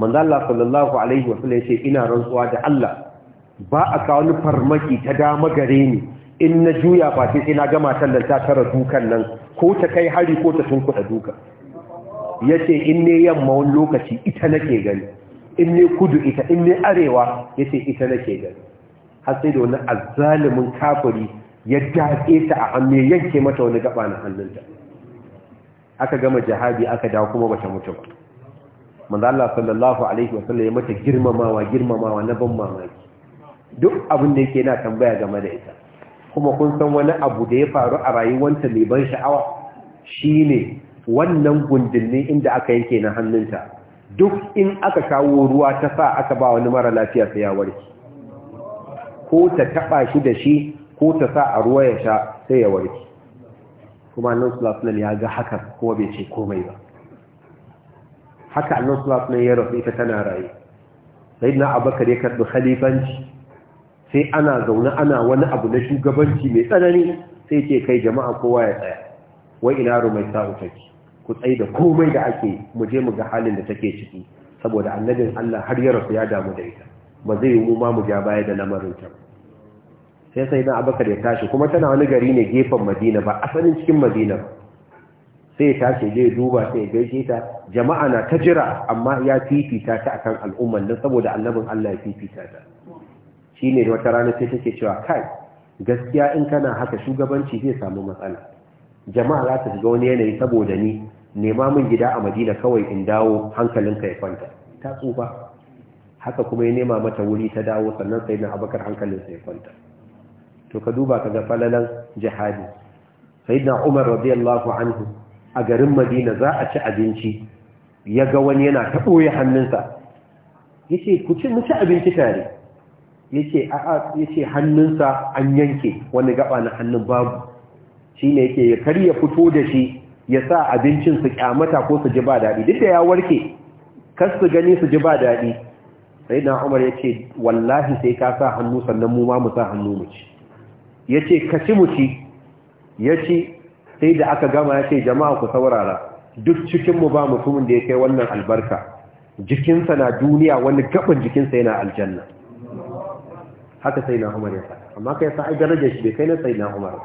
manzo Allah sallallahu alaihi wasallam ya ce ina rantsuwa da Allah ba a kawo wani farmaki ta dama gare ni in na juya ba sai na gama da ta tara dukan nan ko ta kai hari ko ta tunkuɗa duka yace in ne yamma wani lokaci ita nake gani in ne kudu ita in ne arewa yace ita nake gani har sai da wani azzalimin kafiri ya datse ta a hannu yanke mata wani gaba na hannunta aka gama jihadi aka dawo kuma bata mutu ba manzo Allah sallallahu alaihi wasallam ya mata girmamawa girmamawa na ban mamaki duk abin da yake yana tambaya game da ita kuma kun san wani abu da ya faru a rayuwanta mai ban sha'awa Shi ne. wannan gundunni inda aka yanke na hannunta duk in aka kawo ruwa ta sa aka ba wani mara lafiya sai ya warke ko ta taba shi da shi ko ta sa a ruwa ya sha sai ya warke kuma annan sulasulan ya ga haka kuma bai ce komai ba haka annan sulasulan ya rasu ita tana raye sai na abakar ya karɓi khalifanci sai ana zaune ana wani abu na shugabanci mai tsanani sai ce kai jama'a kowa ya tsaya wai ina rumai sa'u take ku tsaye da komai da ake mu je mu ga halin da take ciki saboda annabin Allah har ya rasu ya damu da ita ba zai mu ma mu ja baya da lamarin ta sai sai na abakar ya tashi kuma tana wani gari ne gefen madina ba asalin cikin madina ba sai ya tashi zai duba sai ya gaishe ta jama'a na ta jira amma ya fifita ta akan al'umman nan saboda annabin Allah ya fifita ta ne wata rana sai take cewa kai gaskiya in kana haka shugabanci zai samu matsala jama'a za ta shiga wani yanayi saboda ni nema min gida a madina kawai in dawo hankalinka ya kwanta ta tsufa haka kuma ya nema mata wuri ta dawo sannan sai na abakar hankalinsa ya kwanta to ka duba ka ga falalan jihadi sai na umar radiyallahu anhu a garin madina za a ci abinci ya ga wani yana ta ɓoye hannunsa ya ce ku ci abinci tare yace a'a yace hannunsa an yanke wani gaba na hannun babu shine yake ya karya fito da shi ya sa abincin su kyamata ko su ji ba daɗi duk da ya warke kar su gani su ji ba daɗi sai na umar ya ce wallahi sai ka sa hannu sannan mu ma mu sa hannu mu ci ya ce ka ci mu ci ya ci sai da aka gama ya ce jama'a ku saurara duk cikin mu ba mutumin da ya kai wannan albarka jikinsa na duniya wani gaban jikinsa yana aljanna haka sai na umar ya amma kai sa ai darajar shi bai kai na sai na umar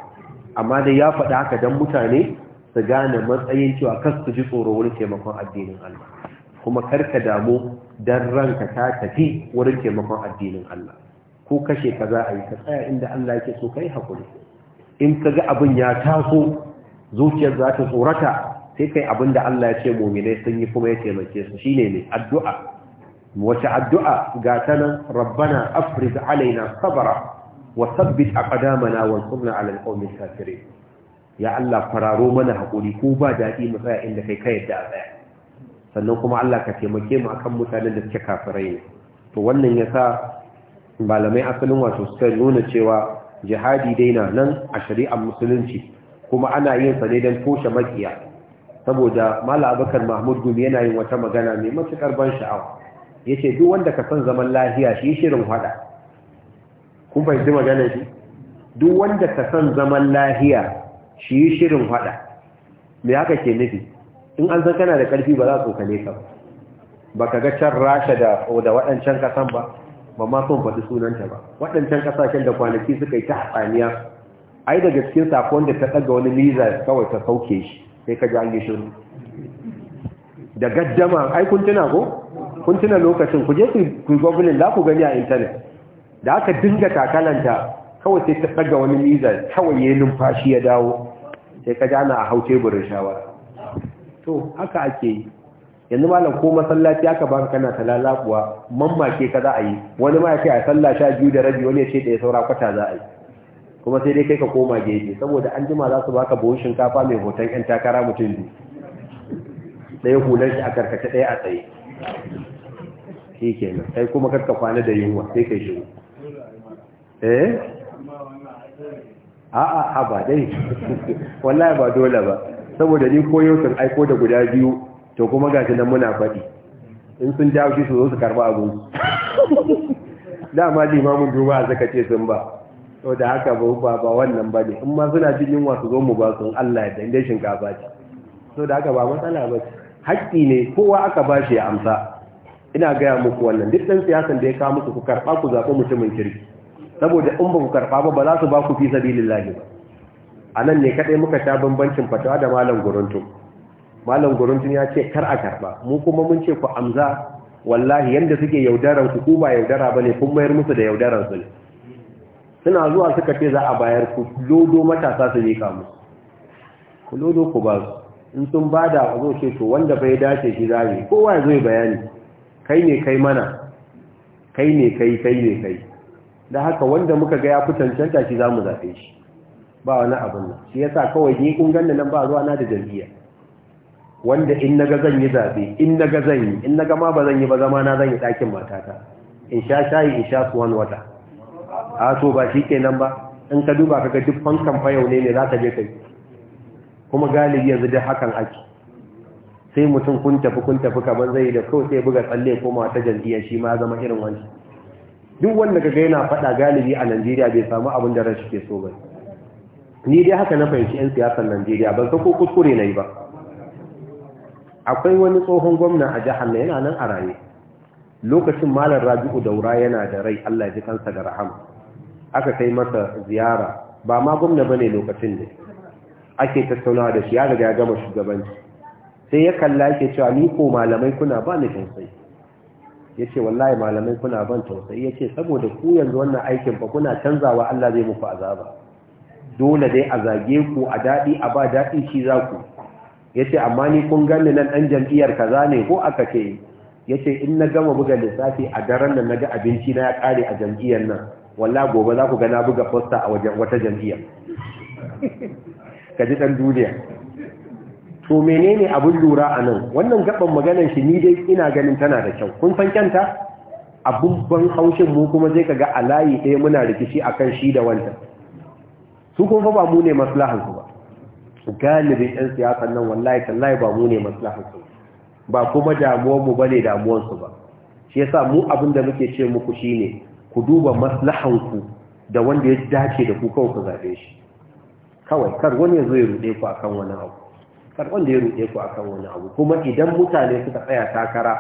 amma dai ya faɗa haka dan mutane su gane matsayin cewa kar su ji tsoro wurin taimakon addinin Allah kuma kar ka damu dan ranka ta tafi wurin taimakon addinin Allah ko kashe ka za a yi ka tsaya inda Allah yake so kai hakuri in ka ga abin ya taso zuciyar za ta tsorata sai kai abin da Allah ya ce muminai sun yi kuma ya taimake su shine ne addu'a wace addu'a ga ta nan rabbana afriz alaina sabara wa sabbit aqdamana wa kunna ala alqawmi kafirin ya Allah fararo mana hakuri ko ba daɗi mu tsaya da kai ka da a tsaya sannan kuma Allah ka taimake mu akan mutanen da suke kafirai to wannan yasa malamai asalin wato suka nuna cewa jihadi daina nan a shari'ar musulunci kuma ana yin sa ne don toshe maƙiya. saboda mala abakar mahmud gumi yana yin wata magana mai matukar ban sha'awa Ya ce duk wanda ka san zaman lahiya shi shirin hada kun fahimci magana shi duk wanda ka san zaman lahiya shi shirin hada me haka ke nufi in an san kana da karfi ba za su kane ka ba ka ga can rasha da da waɗancan kasan ba ba ma son faɗi sunanta ba waɗancan kasashen da kwanaki suka yi ta hatsaniya ai daga cikin sakon da ta ɗaga wani miza kawai ta sauke shi sai ka ji an yi shiru da gaddama ai kun tuna ko kun tuna lokacin ku je ku gogulin za ku gani a intanet da aka dinga takalanta kawai sai ta daga wani mizan kawai ya numfashi ya dawo sai ka jana a hau teburin shawara to haka ake yi yanzu malam ko masallaci aka ba kana ta lalabuwa mammake ka za a yi wani ma ya kai a sallah sha biyu da rabi wani ya ce da saura kwata za a yi kuma sai dai kai ka koma gefe saboda an jima za su baka buhun shinkafa mai hoton yan takara mutum biyu ɗaya hular shi a karkace ɗaya a tsaye shi sai kuma karka kwana da yunwa sai kai shi eh a'a a ba dai [LAUGHS] wallahi ba dole ba saboda ni koyo sun aiko da guda biyu to kuma gashi nan muna faɗi in sun dawo shi su zo su karba abun [LAUGHS] dama limamin duba a zaka ce sun ba to da haka ba ba wannan ba ne in ma suna jin yunwa su zo mu ba sun Allah ya dande shinkafa ce to da haka ba matsala ba ce haƙƙi ne kowa aka ba shi ya amsa ina gaya muku wannan duk ɗan siyasan da ya kawo muku ku karɓa ku zaɓi mutumin kirki saboda in ba ku karɓa ba ba za su ba ku fi sabilillahi ba a nan ne kaɗai muka sha bambancin fatawa da malam guruntun malam guruntun ya ce kar a karɓa mu kuma mun ce ku amza wallahi yanda suke yaudaran ku ku ba yaudara bane kun mayar musu da yaudaran su ne suna zuwa suka ce za a bayar ku lodo matasa su yi kamu ku lodo ku ba su in sun ba a zo ce to wanda bai dace shi zai kowa ya zo bayani kai ne kai mana kai ne kai kai ne kai da haka wanda muka ga ya fi canta shi zamu zaɓe shi ba wani abin nan shi yasa kawai ni kun ganna nan ba zuwa na da jami'a wanda in naga zan yi zabe in naga zan yi in naga ma ba zan yi ba zama na zan yi ɗakin matata in sha shayi in sha suwan wata a to ba shi kenan ba in ka duba kaga duk fankan fayau ne ne za ka je kai kuma galibi yanzu da hakan ake sai mutum kun tafi kun tafi kamar zai da kawai sai buga tsalle koma ta jam'iyyar shi ma zama irin wani duk wanda kaga yana faɗa galibi a Najeriya bai samu abin da rashi ke so ba ni dai haka na fahimci 'yan siyasar Najeriya ban san kuskure na yi ba akwai wani tsohon gwamna a jihar na yana nan a raye lokacin malar rabi'u daura yana da rai Allah ya ji kansa da rahama aka kai masa ziyara ba ma gwamna bane lokacin da. ake tattaunawa da shi ya riga ya gama shugabanci sai ya kalla yake cewa ni ko malamai kuna ba ni tausayi yace wallahi malamai kuna ban tausayi yace saboda ku yanzu wannan aikin fa kuna canzawa Allah zai muku azaba dole dai a zage ku a dadi a ba daɗi shi za ku yace amma ni kun ganni nan dan jam'iyyar kaza ne ko aka ce yace in na gama buga lissafi a daren nan na ga abinci na ya kare a jam'iyyar nan walla gobe za ku ga na buga fosta a wajen wata jam'iyyar ka ji ɗan duniya to menene abin lura a nan wannan gaban maganar shi ni dai ina ganin tana da kyau kun san kyanta abun ban haushin mu kuma zai kaga a layi ɗaya muna rikici akan shi da wanda su kun fa ba mu ne maslahan su ba galibin yan siyasan nan wallahi tallahi ba mu ne maslahan su ba kuma damuwar mu bane damuwar su ba shi yasa mu abin da muke ce muku shine ku duba maslahan ku da wanda ya dace da ku kawai ku zabe shi kawai kar wani ya zo ya rude ku akan wani abu kar wanda ya rude ku akan wani abu kuma idan mutane suka tsaya takara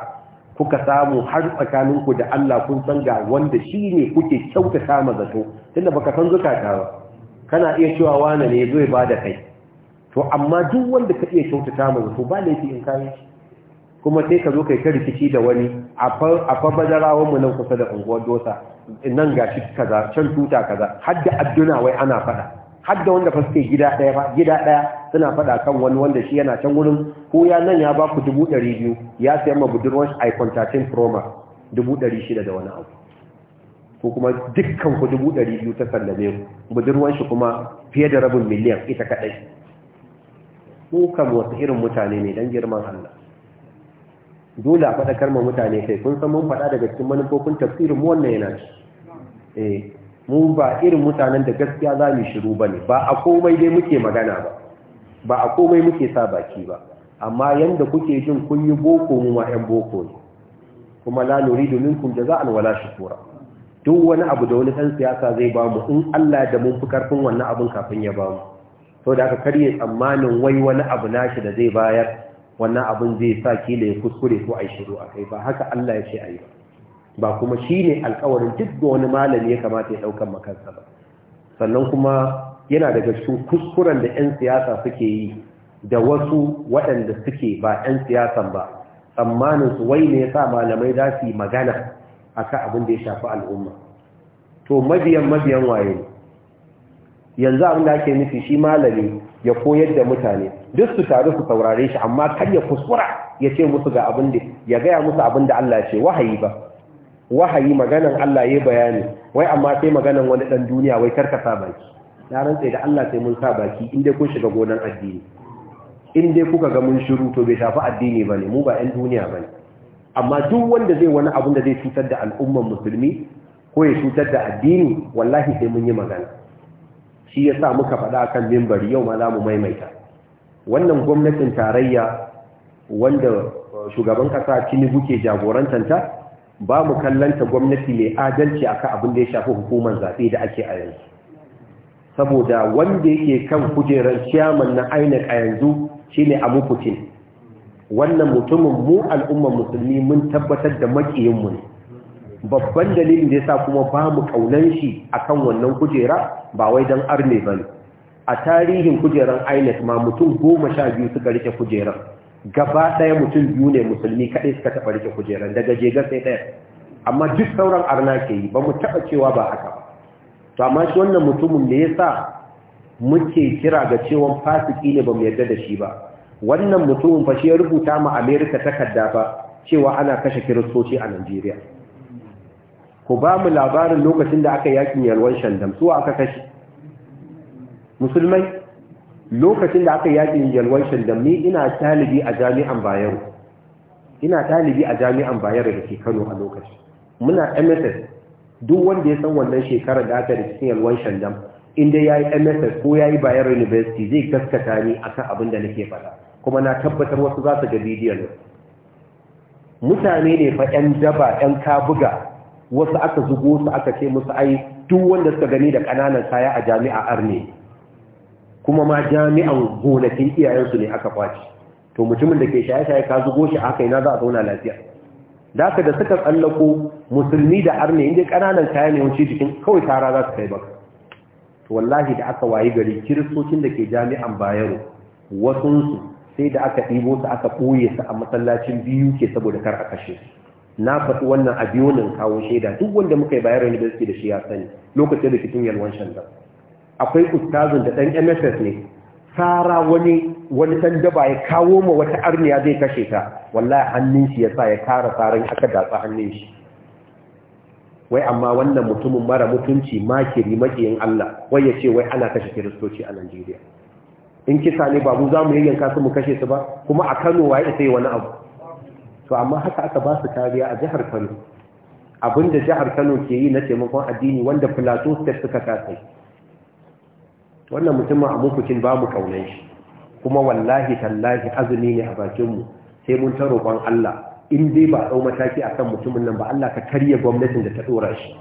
kuka samu har tsakaninku da Allah kun san ga wanda shi ne kuke kyautata ma zato tunda baka san zukata ba kana iya cewa wane ne zai ba kai to amma duk wanda ka iya kyautata ma zato ba laifi in kayi kuma sai ka zo kai ta rikici da wani a fa bazarawanmu mu nan kusa da unguwar dosa nan gashi kaza can tuta kaza har da adduna wai ana faɗa. har da wanda fasike gida ɗaya ba gida ɗaya suna faɗa kan wani wanda shi yana can wurin ko ya nan ya ba ku dubu ɗari biyu ya sayan ma budurwar icon 13 pro max dubu ɗari shida da wani abu ko kuma dukkan ku dubu ɗari biyu ta sallame ku budurwar shi kuma fiye da rabin miliyan ita kaɗai ko wasu irin mutane ne don girman Allah dole a faɗakar ma mutane kai kun san mun faɗa daga cikin manufofin tafsirin mu wannan yana ci eh, mu ba irin mutanen da gaskiya za mu shiru ba ne ba a komai dai muke magana ba ba a komai muke sa baki ba amma yanda kuke jin kun yi boko mu ma 'yan boko ne kuma la nuridu minkum jaza'an wala shukura duk wani abu da wani ɗan siyasa zai ba mu in Allah da mun fi karfin wannan abin kafin ya ba mu sau da aka karye tsammanin wai wani abu nashi da zai bayar wannan abun zai sa kila ya kuskure ko a shiru a kai ba haka Allah ya ce a ba ba kuma shi ne alkawarin duk da wani malami ya kamata ya daukan makansa ba sannan kuma yana daga cikin kuskuren da 'yan siyasa suke yi da wasu waɗanda suke ba 'yan siyasan ba tsammanin su wai ne ya sa malamai za su yi magana a ka abin da ya shafi al'umma to mabiyan mabiyan waye yanzu abin da ake nufi shi malami ya koyar da mutane duk su taru su saurare shi amma kar ya kuskura ya ce musu ga abin da ya gaya musu abin da Allah ce wahayi ba wahayi maganan Allah ya bayani wai amma sai maganan wani dan duniya wai karkasa baki na sai da Allah sai mun sa baki inda kun shiga gonan addini in dai kuka ga mun shiru to bai shafi addini bane mu ba ɗan duniya bane amma duk wanda zai wani abun da zai cutar da al'umman musulmi ko ya cutar da addini wallahi sai mun yi magana shi yasa muka faɗa kan mimbari yau ma za mu maimaita wannan gwamnatin tarayya wanda shugaban kasa tinubu ke jagorantanta ba mu kallanta gwamnati mai adalci akan abin da ya shafi hukumar zaɓe da ake a yanzu saboda wanda yake kan kujerar ciyaman na INEC a yanzu shine Abu Putin wannan mutumin mu al'ummar musulmi mun tabbatar da makiyinmu ne babban dalilin da ya sa kuma ba mu kaunan shi akan wannan kujera ba wai dan arne ba ne. a tarihin kujerar INEC ma mutum goma sha biyu suka rike kujerar gaba ɗaya mutum biyu ne musulmi kaɗai suka taɓa rike kujeran daga jegar sai ɗaya amma duk sauran arna ke yi ba mu taɓa cewa ba haka ba to amma shi wannan mutumin da ya sa muke kira ga cewan fasiki ne ba mu yarda da shi ba wannan mutumin fa ya rubuta ma amerika takarda ba cewa ana kashe kiristoci a najeriya ku ba mu labarin lokacin da aka yakin yalwan shandam su aka kashe musulmai lokacin da aka yaƙin yalwar shandam ni ina talibi a jami'an bayero ina talibi a jami'an da ke kano a lokaci muna mss duk wanda ya san wannan shekarar da aka da cikin yalwar shandam inda ya yi mss ko ya yi bayero university zai gaskata ni akan abin da nake fada kuma na tabbatar wasu za su ga bidiyon mutane ne fa 'yan daba 'yan kabuga wasu aka zugo su aka ce musu ai duk wanda suka gani da ƙananan kaya a jami'a arne kuma ma jami'an gonakin iyayensu ne aka kwaci to mutumin da ke shaye-shaye ka zugo shi haka na za a zauna lafiya da aka da suka tsallako musulmi da arne inda ƙananan kaya ne wuce jikin kawai tara za su kai baka to wallahi da aka wayi gari kiristocin da ke jami'an bayero wasunsu sai da aka ɗibo su aka ɓoye su a masallacin biyu ke saboda kar a kashe na faɗi wannan a kawo shaida duk wanda muka yi bayero ne da suke da shi ya sani lokacin da fitin yalwan shan akwai ustazin da ɗan mss ne tsara wani wani ɗan daba ya kawo ma wata arniya zai kashe ta Walla hannun shi ya sa ya kara tsarin aka datsa hannun shi wai amma wannan mutumin mara mutunci makiri makiyin Allah wai ya ce wai ana kashe kiristoci a Najeriya in kisa ne babu za mu yayyanka su mu kashe su ba kuma a Kano wa isa yi wani abu to amma haka aka ba su kariya a jihar Kano abinda jihar Kano ke yi na taimakon addini wanda Plateau suka kasa wannan mutumin a mukucin ba mu kaunan shi kuma wallahi tallahi azumi ne a bakinmu sai mun ta roƙon Allah in dai ba ɗau mataki a kan mutumin nan ba Allah ka karya gwamnatin da ta ɗora shi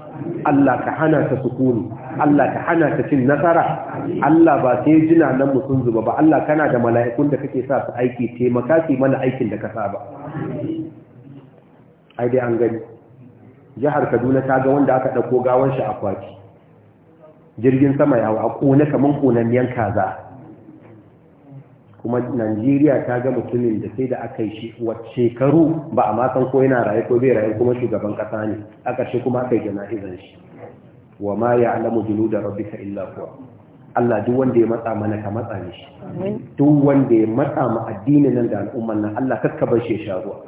Allah ka hana ta sukuni Allah ka hana ta cin nasara Allah ba sai jina nan mutum zuba ba Allah kana da mala'ikun da kake sa su aiki taimaka su mana aikin da ka ba. ai dai an gani jihar Kaduna ta ga wanda aka ɗauko gawan shi a kwaki jirgin sama ya a kone kamar yan kaza kuma najeriya ta ga mutumin da sai da aka yi shi shekaru ba a matan ko yana raye ko bai raye kuma shugaban kasa ne a ƙarshe kuma aka yi jana'izar shi wa ma ya alamu julu da ka illa kuwa Allah duk wanda ya matsa mana ka matsa ne shi duk wanda ya matsa ma addinin nan da al'umman nan Allah kaska bar shi ya sha ruwa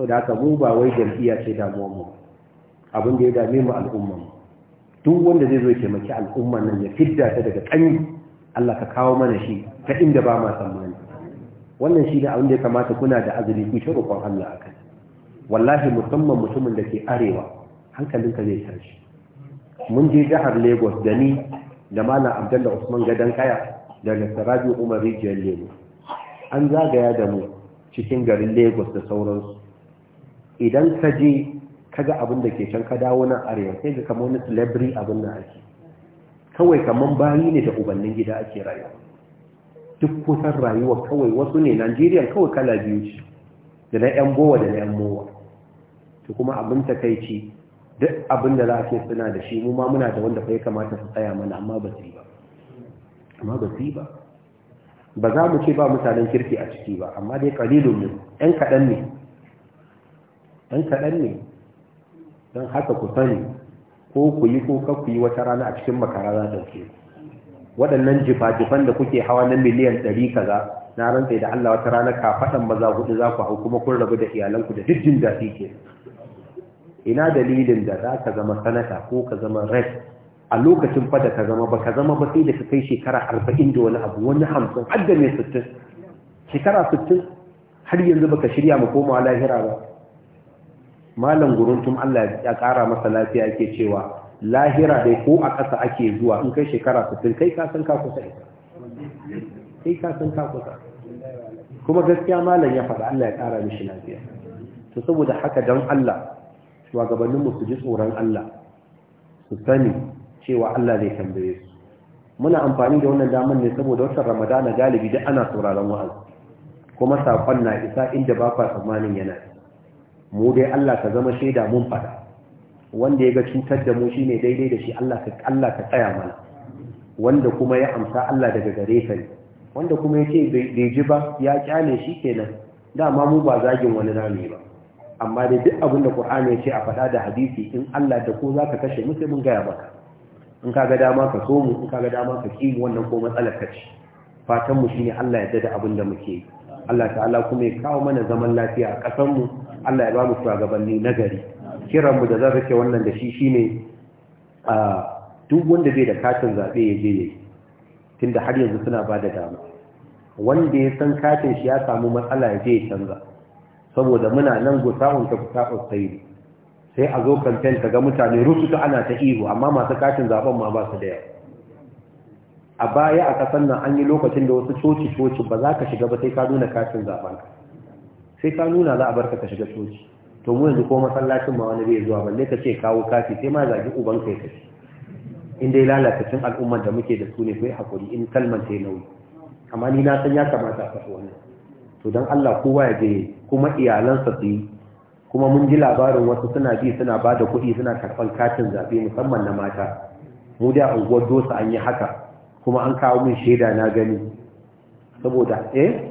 saboda haka mu ba wai jam'iyya ce damuwar mu abin da ya dame mu al'umman mu duk wanda zai zo ya taimaki al'umma nan ya fidda ta daga kanyi Allah ka kawo mana shi ta inda ba ma tsammani wannan shi ne abin da ya kamata kuna da azumi ku ta roƙon Allah a kai wallahi musamman mutumin da ke arewa hankalin ka zai tashi mun je jihar Lagos da ni da Malam Abdullahi Usman Gadan Kaya da Nasarabi Umar Rijiyar Lemu. an zagaya da mu cikin garin Lagos da sauransu idan ka je kaga abin da ke can ka dawo nan arewa sai ga kamar wani celebrity abin nan ake kawai kamar bayi ne da ubannin gida ake rayuwa duk kusan rayuwa kawai wasu ne Najeriya kawai kala biyu ce da na yan bowa da na yan mowa to kuma abin takaici duk abin da za a ce suna da shi mu ma muna da wanda fa ya kamata su tsaya mana amma ba su yi ba amma ba su yi ba ba za mu ce ba mutanen kirki a ciki ba amma dai kalilun ne ɗan kaɗan ne ɗan kaɗan ne don haka ku sani ko ku yi ko ku yi wata rana a cikin makara za dauke waɗannan jifa-jifan da kuke hawa na miliyan ɗari kaza na rantsa da Allah wata rana kafaɗan maza hudu za ku hau kuma kun rabu da iyalanku da duk da su ke ina dalilin da za ka zama sanata ko ka zama red a lokacin fada ka zama ba ka zama ba sai da ka kai shekara arba'in da wani abu wani hamsin har da mai sittin shekara sittin har yanzu baka shirya mu komawa lahira ba malam guruntum Allah ya kara masa lafiya yake cewa lahira dai ko a ƙasa ake zuwa in kai shekara 60 kai ka san ka kusa ita kai ka san ka kusa kuma gaskiya malam ya faɗa Allah ya ƙara mishi lafiya to saboda haka dan Allah shugabannin mu su ji tsoron Allah su sani cewa Allah zai tambaye su muna amfani da wannan damar ne saboda watan Ramadana galibi duk ana sauraron wa'azi kuma sakon na isa inda ba fa tsammanin yana mu dai Allah ka zama shaida mun fada wanda ya ga cutar da mu shine daidai da shi Allah ka Allah ka tsaya mana wanda kuma ya amsa Allah daga gare ka ne wanda kuma ya ce bai ji ba ya kyale shi kenan dama mu ba zagin wani rami ba amma dai duk abin da Qur'ani ya ce a fada da hadisi in Allah da ko zaka kashe mu sai mun gaya maka in kaga dama ka so mu in kaga dama ka ki wannan ko matsalar ka ce fatan mu shine Allah ya dada abin da muke Allah ta'ala kuma ya kawo mana zaman lafiya a kasar mu Allah ya ba mu shugabanni nagari kiran mu da zan rike wannan da shi shine a duk wanda zai da katin zabe ya je yayi tunda har yanzu suna ba da dama wanda ya san katin shi ya samu matsala ya je ya canza saboda muna nan gusa'un ta gusa'un sai sai a zo kamfen ka ga mutane ta ana ta ihu amma masu katin zaben ma ba su da yawa a baya a kasan nan an yi lokacin da wasu coci-coci ba za ka shiga ba sai ka nuna katin zaben ka sai ka nuna za a barka ka shiga coci to mu yanzu ko masallacin ma wani bai zuwa balle ka ce kawo kafi sai ma zagi uban kai ka ce in dai lalatacin al'ummar da muke da su ne kai hakuri in kalmar sai nauyi amma ni na san ya kamata a faɗi wannan to dan Allah kowa ya je kuma iyalansa su yi kuma mun ji labarin wasu suna bi suna ba da kuɗi suna karɓar katin zaɓe musamman na mata mu da unguwar dosa an yi haka kuma an kawo min shaida na gani saboda eh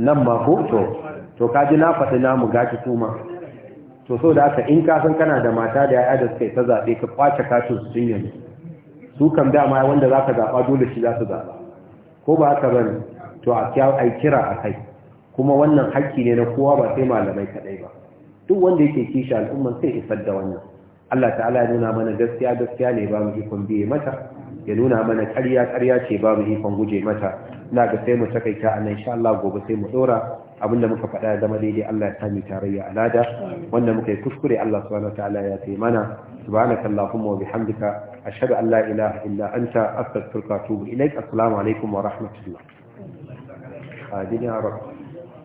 nan ma ko to to ka ji na faɗi namu gashi kuma to so da haka in ka san kana da mata da ya'ya da suka yi ta zaɓe ka kwace kashin su sun yanzu su kam dama wanda za ka zaɓa dole shi za su zaɓa ko ba haka bane to a kira a kai kuma wannan hakki ne na kowa ba sai malamai kaɗai ba duk wanda yake kishi al'ummar sai isar da wannan Allah ta'ala ya nuna mana gaskiya gaskiya ne ba mu ikon biye mata ya nuna mana ƙarya ƙarya ce ba mu ikon guje mata ina ga sai mu takaita a nan sha Allah gobe sai mu dora abinda muka faɗa ya zama daidai Allah ya sami tarayya alada wanda muka yi kuskure Allah subhanahu ya taimana mana subhanaka allahumma wa bihamdika ashhadu an la ilaha illa anta astaghfiruka wa atubu ilaik assalamu alaikum wa rahmatullah